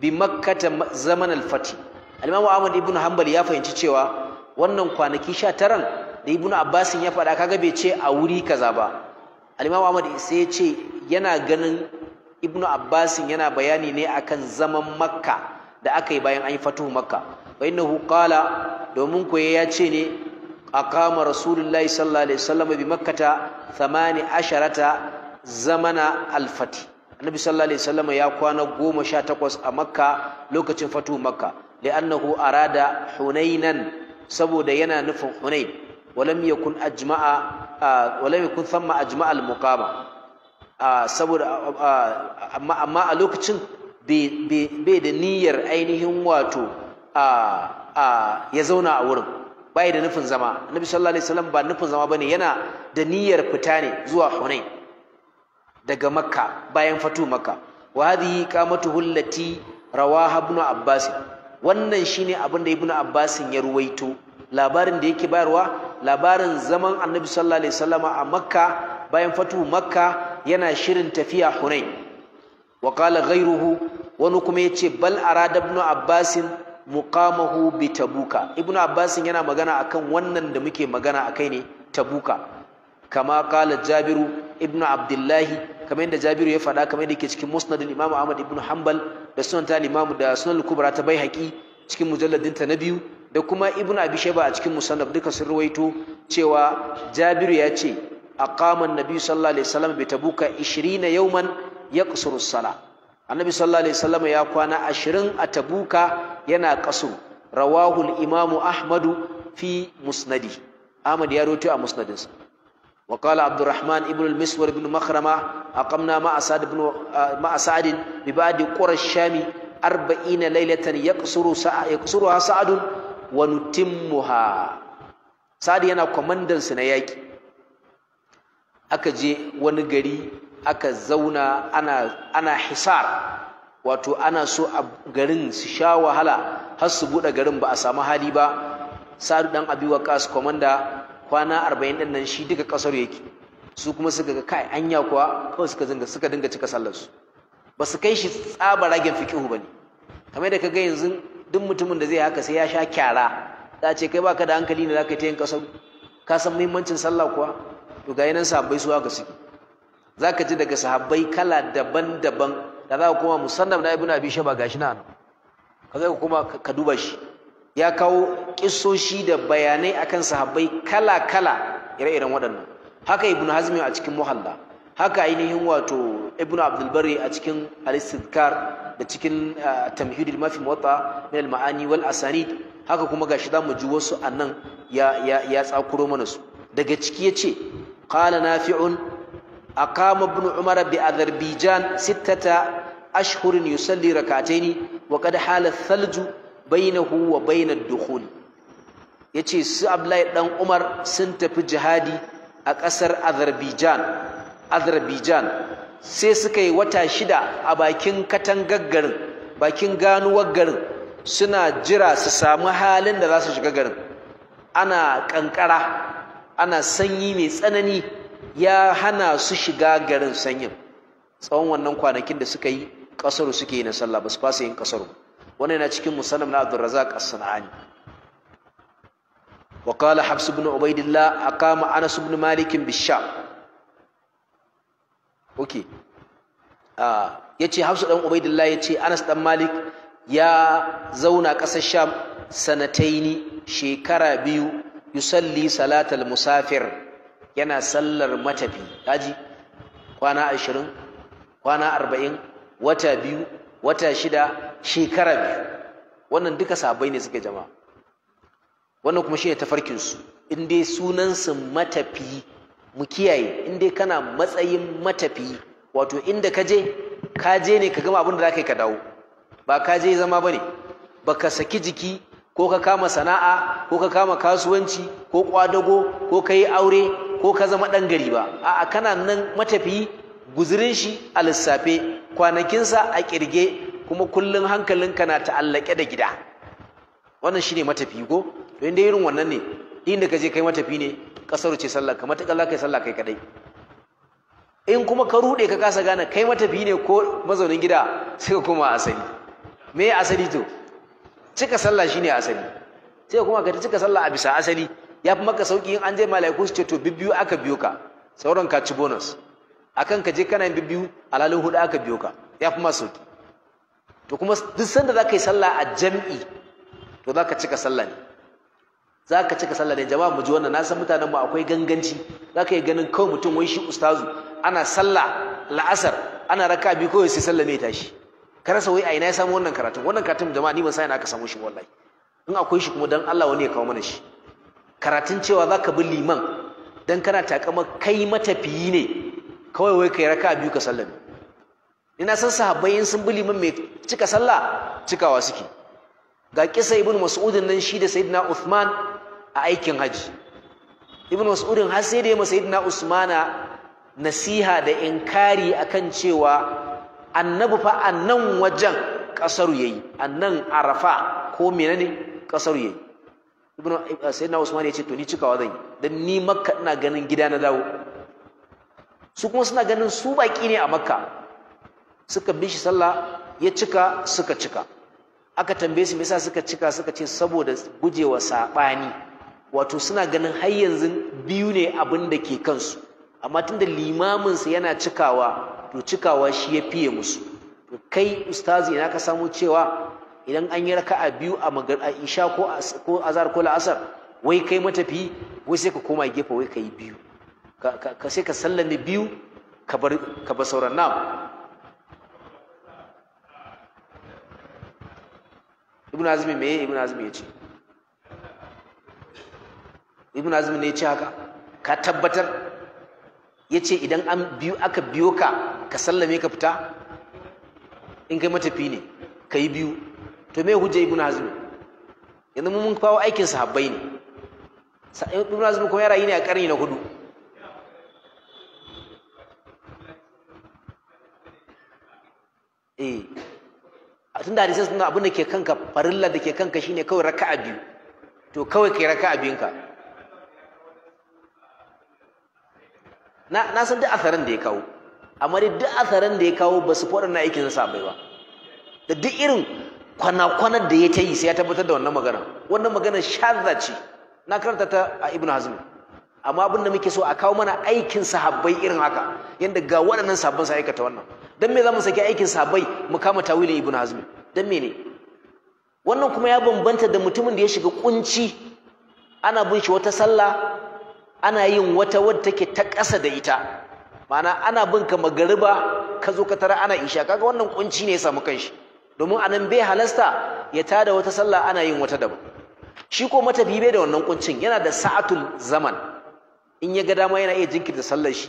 bi makkah zaman al fati al ahmad ibn hanbal ya fahimci cewa wannan kwanaki 19 da ibn abbas ya faɗa kaga bai ce a wuri kaza ba al ahmad isa ya ce yana ganin Ibn Abbas yana bayani ne akan zaman makka da aka yi bayan an yi fatuhu makka wa innahu qala domin ko ya ce ne aqama rasulullahi sallallahu alaihi wasallam bi makkata 18 zamana al-fati annabi sallallahu alaihi wasallam ya kwana 18 a makka lokacin fatuhu makka li'annahu arada hunainan saboda yana nufin hunain walam yakun ajma'a walam yakun thamma ajma'a al-muqama saboda amma a lokacin bai da niyyar ainihin wato ya zauna a wurin bai da nufin zama annabi sallallahu alaihi wasallam ba nufin zama bane yana da niyyar fita ne zuwa hunain daga makka bayan fatu makka wa hadhihi qamatuhu allati rawaha ibn abbas wannan shine abin da ibn abbas ya ruwaito labarin da yake bayarwa labarin zaman annabi sallallahu alaihi wasallama a makka bayan fatu makka yana shirin tafiya hunain wa qala ghayruhu wani kuma yace bal arada ibn abbas muqamahu bi tabuka ibn abbas yana magana akan wannan da muke magana akai ne tabuka kama qala jabiru ibn abdullahi kamar yadda Jabiru ya faɗa kamar yadda yake cikin Musnadin Imam Ahmad ibn Hanbal da Sunan ta Imam da Sunan Kubra ta bai Baihaqi cikin mujalladin ta na biyu da kuma ibnu abi shayba a cikin musannaf duka sun ruwaito cewa jabiru ya ce aqama annabi sallallahu alaihi wasallam bi tabuka 20 yawman yaqsuru sala annabi sallallahu alaihi wasallam ya kwana 20 a tabuka yana kasu rawahu al-imamu ahmadu fi musnadi ahmad ya rawaito a musnadinsa Wakala عبد الرحمن ابن المسور بن مخرمة أقمنا مع سعد بن مع سعد ببعد قرى الشام أربعين ليلة يقصر wa nutimmuha sa'ad yana kwamandan su na yaki aka je wani gari aka zauna ana ana hisar wato ana so a garin su sha wahala har su bude garin ba a samu hali ba sa'ad dan abi waqas komanda kwana 40 din nan shi duka kasar yake su kuma suka ga kai anya kuwa kawai suka zinga suka dinga cika sallar su ba su kai shi tsaba ragen fiqihu bane kamar da kaga yanzu duk mutumin da zai haka sai ya sha kyara za ce kai baka da hankali ne zaka ta yin kasar ka san muhimmancin sallah kuwa to ga yanan sahabbai su haka suke zaka ji daga sahabbai kala daban-daban da za ka koma musannaf na ibnu abi shaba gashi na ka zai kuma ka duba shi ya kawo kissoshi da bayanai akan sahabbai kala-kala ire-iren waɗannan haka ibnu hazmi a cikin muhalla haka ainihin wato ibnu abdul a cikin al da cikin ah, tamhidul mafi muwatta min al-ma'ani wal asanid haka kuma gashi zamu ji wasu anan ya ya ya tsakuro mana su daga ciki yace qala nafi'un aqama ibn umar bi azerbaijan sittata ashhurin yusalli rak'ataini wa qad hala salju bainahu wa bain ad-dukhul yace su abdullahi dan umar sun tafi jihadi a kasar azerbaijan azerbaijan sai suka yi wata shida a bakin katangar garin bakin ganuwar garin suna jira su samu halin da za su shiga garin ana kankara ana sanyi mai tsanani ya hana su shiga garin sanyin tsawon wannan kwanakin da suka yi kasaru suke yi na sallah ba su fasa yin kasaru wannan yana cikin musallam na Abdurrazzaq as sana'ani. wa qala Hafs a kama aqama Anas ibn okay ah, ya ce hafsu ɗan ubaidillah ya ce anas ɗan malik ya zauna ƙasar sham sanataini shekara biyu yusalli salatal musafir yana sallar matafi kaji kwana ashirin kwana arba'in wata biyu wata shida shekara biyu wannan duka sabai ne suke jama'a wannan kuma shi ne tafarkinsu in dai sunansu matafi mu kiyaye in dai kana matsayin matafi wato inda ka je ka je ne ka gama abin da za ka yi ka dawo ba ka je zama ba ne ba ka saki jiki ko ka kama sana'a ko ka kama kasuwanci ko kwadago ko ka yi aure ko ka zama ɗan gari ba a'a kana nan matafi guzirin shi a lissafe kwanakinsa a kirge, kuma kullum hankalinka na ta'allake da gida wannan shine matafi ko to inda irin wannan ne inda ka je kai matafi ne kasar ce sallar ka matakar za ka yi sallah kai kadai in kuma ka rude ka kasa gane kai matafi ne ko mazaunin gida sai ka koma asali me asali to cika sallah shine asali sai kuma ka cika sallah a bisa asali ya fi maka sauki in an je malaiku su ce to bibbiyu aka biyo ka sauran ka ci bonus akan ka je kana yin bibbiyu alalin hudu aka biyo ka ya fi ma sauki to kuma duk sanda za ka yi sallah a jam'i to za ka cika sallah ne za ka cika sallah ne jama'a mu ji wannan na san mutanen mu akwai ganganci za ka yi ganin kawai mutum wai shi ustazu ana sallah la'asar ana raka bi kawai sai sallah mai tashi ka rasa wai a ina ya samu wannan karatun wannan karatun jama'a ni ban sani aka samu shi wallahi in akwai shi kuma dan Allah wani ya kawo mana shi karatun cewa za ka bi liman dan kana takama kai matafiyi ne kawai wai kai raka biyu ka sallame ina san sahabbai in sun bi liman mai cika sallah cikawa suke ga kisa ibn mas'udin nan shi da sayyidina Uthman a aikin haji ibn mas'udin har sai da ya masayidina usmana nasiha da inkari akan cewa annabi fa a nan wajen ƙasar yayi a nan arafa ko menene ƙasar yayi ibn eh, sayyidina usman ya ce to ni cikawa zan yi dan ni makka ina ganin gida na dawo su kuma suna ganin su baki ne a makka suka bi shi sallah ya cika suka cika aka tambaye su me yasa suka cika suka ce saboda gujewa saɓani. wato suna ganin har yanzu biyu ne abin da ke kansu amma tunda limaminsa yana cikawa to cikawa shi ya fiye musu to kai ustazi ina ka samu cewa idan an yi raka'a biyu a magar a isha ko ko azar ko la'asar wai kai matafi wai sai ka koma gefe wai ka yi biyu ka sai ka sallame biyu ka bar ka bar sauran nam ibnu azmi me ibnu azmi ya ce ibn azm ne ya ce haka ka tabbatar ya ce idan an biyu aka biyo ka ka sallame ka fita in kai matafi ne ka yi biyu to me hujja ibn azm yanzu mun kawo aikin sahabbai ne ibn azm kuma ya rayu ne a karni na hudu eh tun da hadisai suna abin da ke kanka farilla da ke kanka shine kawai raka'a biyu to kawai kai raka'a biyunka na na san duk atharin da ya kawo amma dai duk atharin da ya kawo ba su fara na aikin sa bai ba da duk irin kwana kwanan da ya ta yi sai ya tabbatar da wannan magana wannan magana shadda ce na karanta ta a ibnu hazm amma abin da muke so a kawo mana aikin sahabbai irin haka yanda ga waɗannan sabbin sa aikata wannan dan me zamu saki aikin sahabbai mu kama tawilin ibnu hazm dan me ne wannan kuma ya bambanta da mutumin da ya shiga kunci ana bin shi wata sallah ana yin wata wadda take ta ƙasa da ita ma'ana ana bin ka magariba ka zo ka tara ana isha kaga wannan kunci ne ya samu kanshi domin anan bai halasta ya tada wata sallah ana yin wata daban shi ko matafi bai da wannan kuncin yana da sa'atul zaman in ya ga dama yana iya jinkirta sallar shi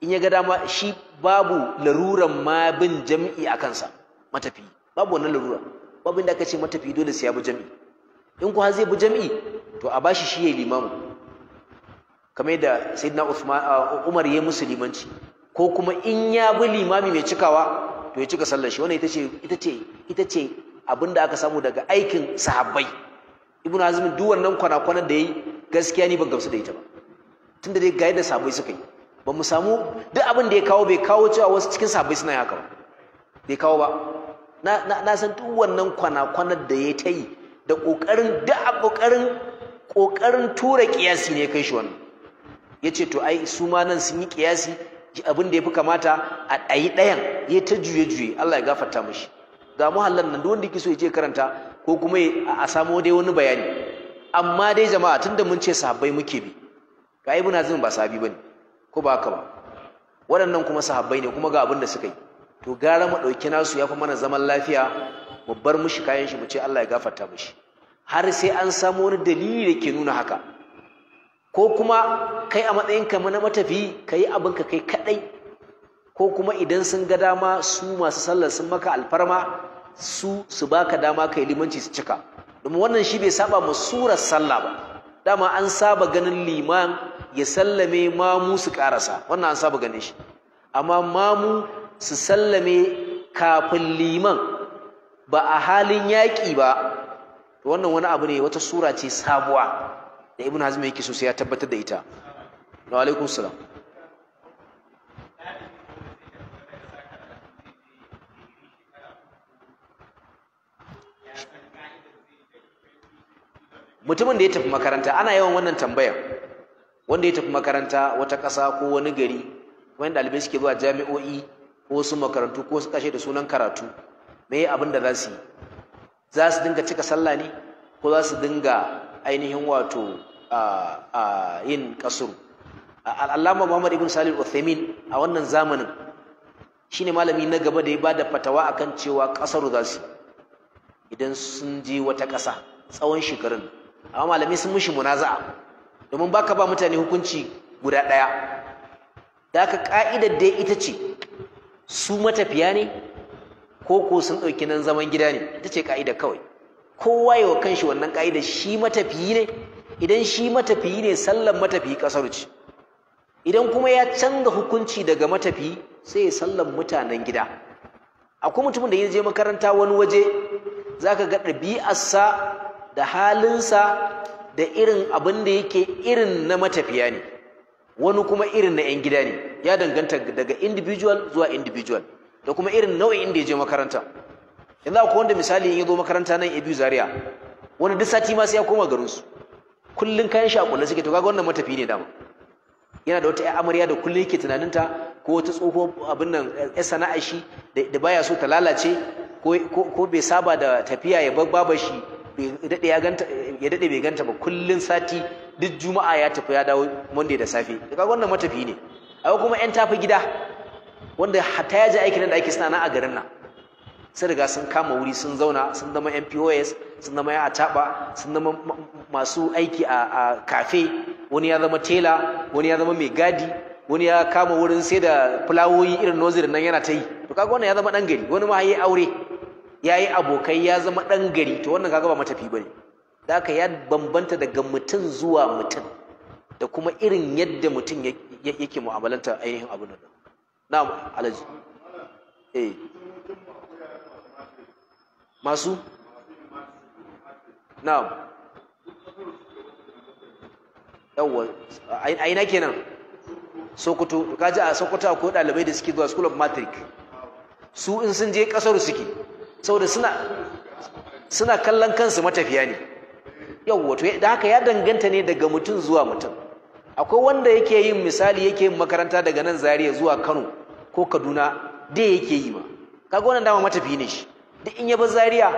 in ya ga dama shi babu laruran ma bin jam'i a kansa matafi babu wannan larura babu inda aka ce matafi dole sai ya bi jam'i in ko har zai bi jam'i to a bashi shi yayi limamu kamar yadda sayyidina Uthman ah, Umar ya musulmanci ko kuma in ya bi limami mai cikawa to ya cika sallar shi wannan ita ce ita ce ita ce abinda aka samu daga aikin sahabbai ibnu hazm duk wannan kwana-kwanan da yayi gaskiya ni ban gamsu da ita ba tunda dai ga yadda sahabbai suka yi ba mu samu duk abin da ya kawo bai kawo cewa wasu cikin sahabbai suna haka ba bai kawo ba na na, na san duk wannan kwana-kwanan da ya ta yi da kokarin duk a kokarin kokarin tura kiyasi ne kai shi wannan Ya ce to ai su ma nan sun yi kiyasi abin da yafi kamata a ɗayi ɗayan ya ta juye juye Allah ya gafarta mishi ga muhallan nan duk wanda yake so ya je karanta ko kuma a samo dai wani bayani amma dai jama'a tunda mun ce sahabbai muke bi ga ibn azim ba sahabi bane ko ba haka ba waɗannan kuma sahabbai ne kuma ga abin da suka yi to gara mu ɗauki nasu ya fi mana zaman lafiya mu bar mushi kayan shi mu ce Allah ya gafarta mishi har sai an samu wani dalili da ke nuna haka ko kuma kai a matsayinka na matafi ka yi ka kai kaɗai ko kuma idan sun ga dama su masu sallar sun maka alfarma su su baka dama kai limanci su cika domin wannan shi bai saba mu surar sallah ba dama an saba ganin liman ya sallame mamu su karasa wannan an saba ganin shi amma mamu su sallame kafin liman ba a halin yaƙi ba wannan wani abu ne wata sura ce sabuwa da ibn hazm yake so sai ya tabbatar da ita wa alaikum salam mutumin da ya tafi makaranta ana yawan wannan tambayan, wanda ya tafi makaranta wata ƙasa ko wani gari wanda ɗalibai suke zuwa jami'o'i ko su makarantu ko su kashe da sunan karatu me abin da za su yi za su dinga cika sallah ne ko za su dinga ainihin wato yin kasuru al'allama muhammad ibn salim uthaymin a wannan zamanin shine malami na gaba da ya bada fatawa akan cewa kasar za su idan sun je wata kasa tsawon shekarun amma malami sun mushi munaza'a domin baka ba mutane hukunci guda ɗaya da aka ka'idar da ita ce su matafiya ne ko ko sun ɗauki nan zaman gida ne ita ce ka'idar kawai kowa yi wa kanshi wannan ka'idar shi matafiyi ne idan shi matafiyi ne sallan matafiyi kasar ce idan kuma ya canza hukunci daga matafiyi sai ya sallan mutanen gida akwai mutumin da ya je makaranta wani waje zaka ga ɗabi'arsa da halinsa da irin abin da yake irin na matafiya ne wani kuma irin na 'yan gida ne ya danganta daga individual zuwa individual da kuma irin nau'in da ya je makaranta yanzu akwai wanda misali in ya zo makaranta nan ya biyu Zariya, wani duk sati ma sai ya koma garinsu kullun kayan shi kullun suke to kaga wannan matafi ne dama yana da wata amarya da kullun yake tunaninta ko wata tsoho abin nan ya sana'a shi da baya so ta lalace ko bai saba da tafiya ya bar babar shi ya daɗe bai ganta ba kullun sati duk juma'a ya tafi ya dawo monday da safe to kaga wannan matafi ne akwai kuma yan tafi gida wanda hatta ya ji aikin da ake sana'a a garin nan sun riga sun kama wuri sun zauna sun zama mpos sun zama ya taba sun zama masu aiki a kafe wani ya zama tela wani ya zama mai gadi wani ya kama wurin sai da fulawoyi irin nozir nan yana ta yi to kaga wannan ya zama dan gari wani ma yi aure ya yi abokai ya zama dan gari to wannan kaga ba matafi bane da haka ya bambanta daga mutum zuwa mutum da kuma irin yadda mutum yake mu'amalanta ainihin abin nan na'am alaji eh masu na'am yawon a ina kenan sokoto kaji a sokoto akwai dalibai da suke zuwa school of matric su in sun je ƙasar suke saboda suna suna kallon kansu matafiya ne Yau to da haka ya danganta ne daga mutum zuwa mutum akwai wanda yake yin misali yake yin makaranta daga nan zariya zuwa Kano ko Kaduna dai yake yi ma kaga wannan dama matafi ne shi duk in ya bar Zariya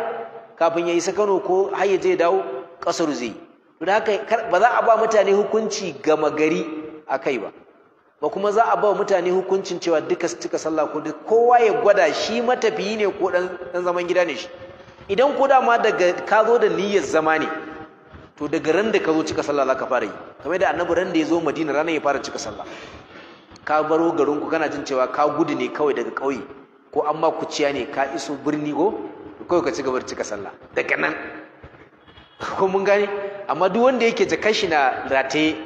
kafin ya sakano Kano ko har ya je dawo kasar zai to haka ba za a ba mutane hukunci gama gari akai ba ba kuma za a ba mutane hukuncin cewa duka su cika sallah ko duk kowa ya gwada shi matafiyi ne ko dan zaman gida ne shi idan ko dama daga ka zo da niyyar zama ne to daga ran da ka zo cika sallah za ka fara yi kamar da annabi ran da ya zo madina ranar ya fara cika sallah ka baro garinku kana jin cewa ka gudu ne kawai daga ƙauye ko an ma kuciya ne ka iso birni ko kawai ka ci gaba da cika sallah daga nan ko mun gane amma duk wanda yake da shi na rataye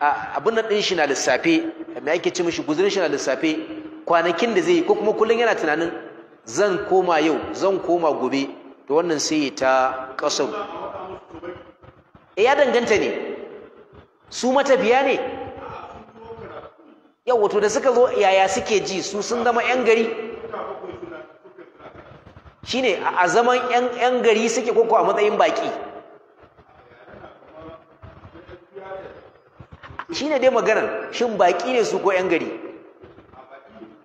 abin nan din shi na lissafe me ake ci mishi guzurin shi na lissafe kwanakin da zai yi ko kuma kullum yana tunanin zan koma yau zan koma gobe to wannan sai ya ta kasar eh, ya danganta ne su matafiya ne yau wato da suka zo yaya suke ji su sun zama yan gari shine a zaman yan gari suke koko a matsayin baki shine dai maganar shin baki ne su ko yan gari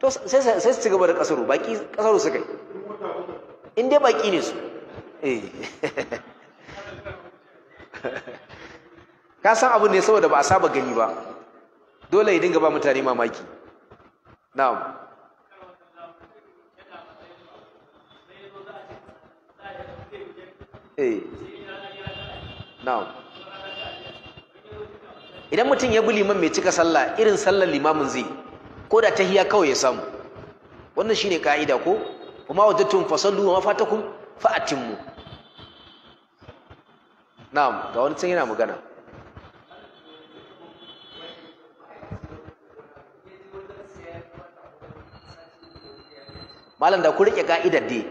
to sai su ci gaba da kasaru baki kasaru su yi in dai baki ne su eh. ka san abin ne saboda ba a saba gani ba dole ya dinga ba mutane mamaki na'am eh now idan mutum ya bi liman mai cika sallah irin sallar limamin zai ko da tahiya kawai ya samu wannan shine ka'ida ko kuma wajadtum fasallu wa fatakum fa atimmu na'am ga wani can yana magana malam da ku rike ka'idar dai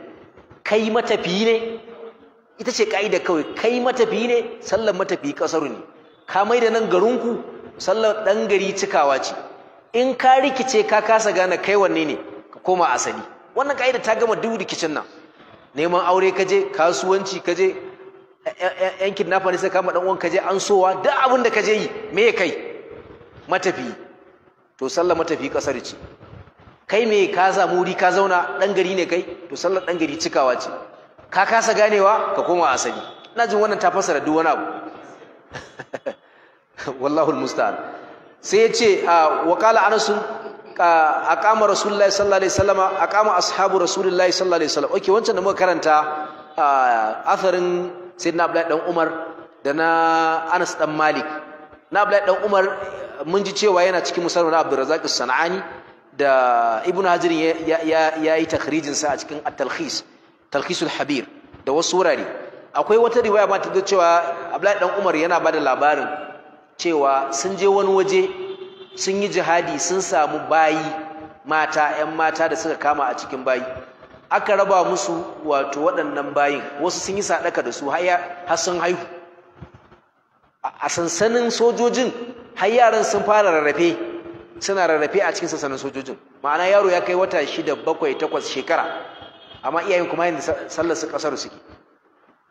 kai matafiyi ne ita ce ka'ida kawai kai matafi ne sallar matafi kasaru ne ka mai da nan garinku sallar ɗan gari cikawa ce in ka rikice ka kasa gane kai wanne ne ka koma asali wannan ka'ida ta gama duk rikicin nan neman aure ka je kasuwanci ka je yan kidnapper ne sai kama ɗan uwan ka je an sowa duk abin da ka je yi me kai matafi to sallar matafi kasar ce kai me ka samu wuri ka zauna ɗan gari ne kai to sallar ɗan gari cikawa ce ka kasa ganewa ka koma asali ina jin wannan ta fassara duk wani abu wallahu almusta'an sai ya ce ah, wa qala anas ah, aqama rasulullahi sallallahu alaihi wasallam aqama ashabu rasulullahi sallallahu alaihi wasallam okay wancan da muka karanta ah, atharin sayyidina abdullahi dan umar da na anas dan malik na abdullahi dan umar mun ji cewa yana cikin musamman na as sanani da ibnu hajar ya yi takhrijin sa a cikin at-talkhis talkisul habir da wasu wurare akwai wata riwaya ma ta da cewa Abdullahi dan Umar yana bada labarin cewa sun je wani waje sun yi jihadi sun samu bayi mata 'yan mata da suka kama a cikin bayi aka raba musu wato waɗannan bayin wasu sun yi sadaka da su har sun haihu a sansanin sojojin har yaran sun fara rarrafe suna rarrafe a cikin sansanin sojojin ma'ana yaro ya kai wata shida bakwai takwas shekara amma iyayen kuma yanzu sallar su kasar suke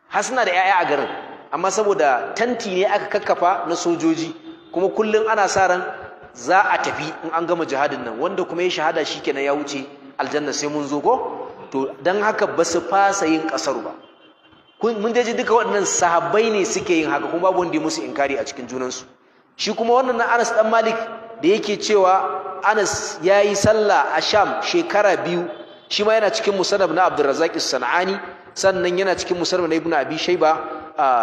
har suna da 'ya'ya a garin amma saboda tanti ne aka kakkafa na sojoji kuma kullum ana sa ran za a tafi in an gama jihadin nan wanda kuma ya shahada shi kenan ya wuce aljanna sai mun zo ko to dan haka ba su fasa yin kasar ba mun daji duka waɗannan sahabbai ne suke yin haka kuma babu wanda ya musu inkari a cikin junansu shi kuma wannan na Anas dan Malik da yake cewa Anas yayi sallah a Sham shekara biyu shi ma yana cikin musannaf na Abdurrazzaq sanani sannan yana cikin musannaf na Ibn Abi Shayba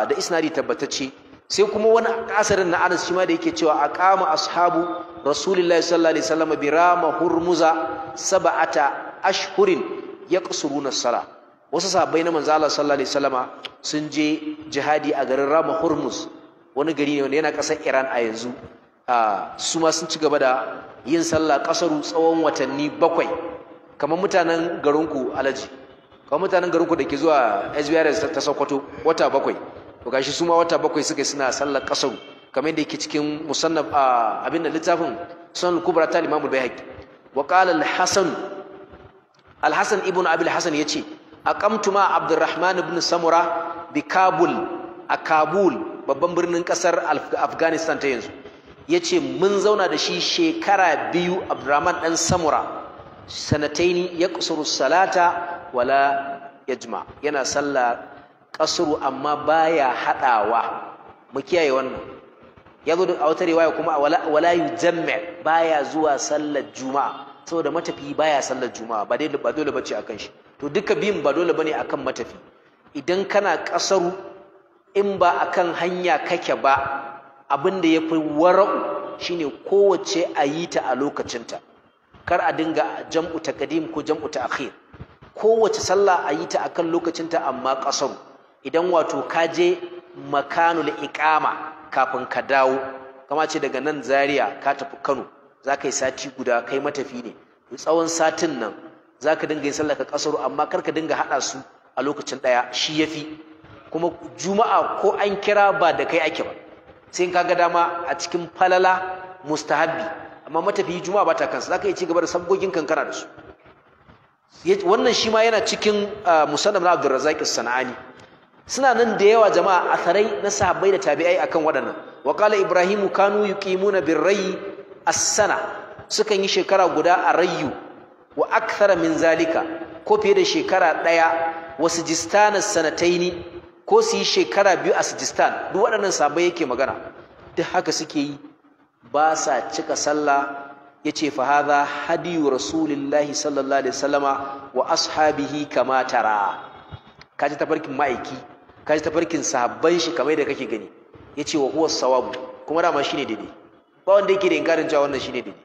da isnadi tabbatacce sai kuma wani asarin na Anas shi ma da yake cewa aqama ashabu Rasulillahi sallallahu alaihi wasallam rama hurmuza sab'ata ashhurin yaqsuruna as wasu sahabbai na manzo Allah sallallahu alaihi wasallama sun je jihadi a garin Rama hurmuz wani gari ne wanda yana kasar Iran a yanzu su ma sun ci gaba da yin sallah ƙasaru tsawon watanni bakwai kamar mutanen garinku alaji kamar mutanen garinku da ke zuwa SBRS ta Sokoto wata bakwai to gashi su ma wata bakwai suka suna sallar kasaru kamar yadda yake cikin musannaf a abin da littafin sunan kubra ta Imam bai baihaqi wa qala al-Hasan al-Hasan ibn Abi al-Hasan yace aqamtu ma Abdurrahman ibn Samura bi Kabul a Kabul babban birnin kasar Afghanistan ta yanzu yace mun zauna da shi shekara biyu Abdurrahman ɗan Samura sanataini ya kusuru salata wala yajma yana sallah kasuru amma baya hadawa mu kiyaye wannan yazo a wata riwaya kuma wala wala yujamma baya zuwa sallar juma'a saboda matafi baya sallar juma'a ba dole ba dole bace akan shi to duka biyun ba dole bane akan matafi idan kana kasaru in ba akan hanya kake ba abin da yafi wara'u shine kowace a ta a lokacinta kar a dinga jam'u kadim ko jam'u akhir kowace sallah a yi ta akan lokacinta amma qasaru idan wato ka je makanul iqama kafin ka dawo kama ce daga nan Zariya ka tafi Kano za ka yi sati guda kai matafi ne tsawon satin nan za ka dinga yin sallah ka kasaru amma kar ka dinga haɗa su a lokacin ɗaya shi yafi kuma juma'a ko an kira ba da kai ake ba sai ka ga dama a cikin falala mustahabbi amma matafiyi juma'a ba ta kansa za ka iya ci da sabgogin kankana da su wannan shi ma yana cikin ah, musamman na abdurrazzaq sanaani suna nan da yawa jama'a atharai na sahabbai da tabi'ai akan waɗannan wa qala ibrahimu kanu yuqimuna birrayi as-sana sukan yi shekara guda a rayu wa akthara min zalika ko fiye da shekara ɗaya wa sijistana sanataini ko su yi shekara biyu a sijistan duk waɗannan sahabbai yake magana duk haka suke yi ba sa cika sallah ya ce fa haza hadiyu rasulillahi sallallahu alaihi wasallama wa ashabihi kama tara kaji tafarkin ma'aiki kaji tafarkin sahabban shi kamar da kake gani ya ce wa huwa sawabu kuma dama shine daidai ba wanda yake da inkarin cewa wannan shine daidai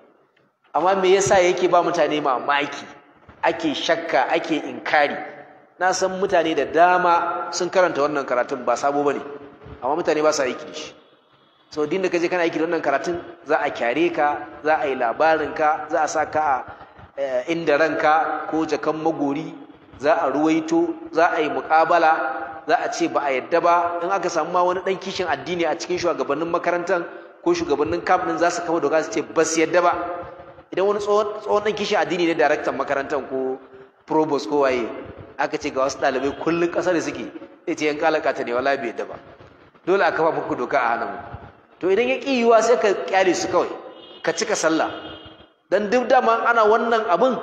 amma me yasa yake ba mutane mamaki ake shakka ake inkari na san mutane da dama sun karanta wannan karatun ba sabo bane amma mutane ba sa aiki da shi sau din da ka je kana aiki da wannan karatun za a kyare ka za a yi labarinka za a sa ka a eh, inda ranka ko jakan magori za a ruwaito za a yi muƙabala za a ce ba a yadda ba in aka samu ma wani ɗan kishin addini a cikin shugabannin makarantar ko shugabannin camp ɗin za su kafa doka su ce ba su yadda ba idan wani tsohon ɗan kishin addini ne daraktan makarantar ko provost ko waye aka ce ga wasu ɗalibai kullum ƙasar da suke ya ce yan kalaka ta ne wala bai yadda ba dole a kafa muku doka a hannun to idan ya ƙi yiwuwa sai ka ƙyale su kawai ka cika sallah dan duk dama ana wannan abin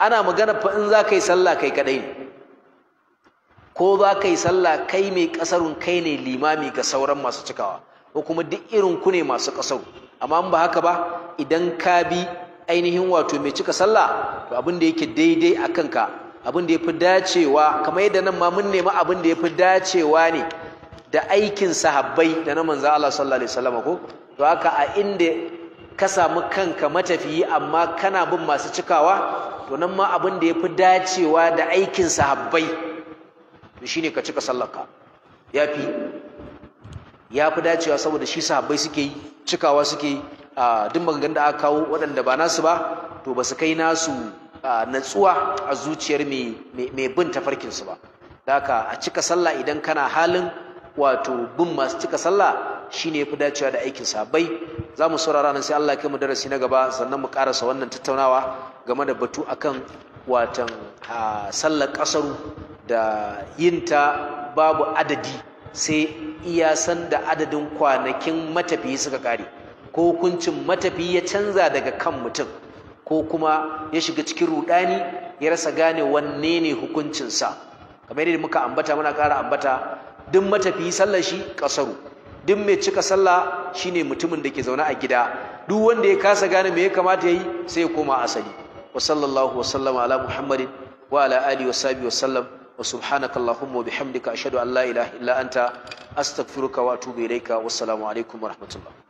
ana magana fa in za ka yi sallah kai kaɗai ne ko za ka yi sallah kai mai kasarun kai ne limami ga sauran masu cikawa ko kuma duk irin ku ne masu kasaru amma ba haka ba idan ka bi ainihin wato mai cika sallah to abin da yake daidai a ka, abin da ya fi dacewa kamar yadda nan ma mun nema abin da ya fi dacewa ne da aikin sahabbai da na manzo Allah sallallahu alaihi wasallam ko to haka a inda ka samu kanka matafiyi amma kana bin masu cikawa to nan ma abin da yafi dacewa da aikin sahabbai to shine ka cika sallarka yafi yafi dacewa saboda shi sahabbai suke yi cikawa suke yi duk maganganun da aka kawo waɗanda ba nasu ba to ba su kai nasu natsuwa a zuciyar mai bin tafarkinsu ba da haka a cika sallah idan kana halin wato bin masu cika sallah shine yafi dacewa da aikin sabai za mu saurara nan sai Allah ya kai mu darasi na gaba sannan mu karasa wannan tattaunawa game da batu akan watan sallar kasaru da yinta babu adadi sai iya san da adadin kwanakin matafiyi suka kare ko hukuncin matafiyi ya canza daga kan mutum ko kuma ya shiga cikin rudani ya rasa gane wanne ne hukuncinsa kamar yadda muka ambata muna kara ambata duk matafi sallar shi kasaru duk mai cika sallah shine mutumin da ke zaune a gida duk wanda ya kasa gane me ya kamata yi sai ya koma asali wa sallallahu wa sallama ala muhammadin wa ala alihi wa sahbihi wa sallam wa subhanaka allahumma wa bihamdika ashhadu an la ilaha illa anta astaghfiruka wa atubu ilayka wassalamu alaikum wa rahmatullah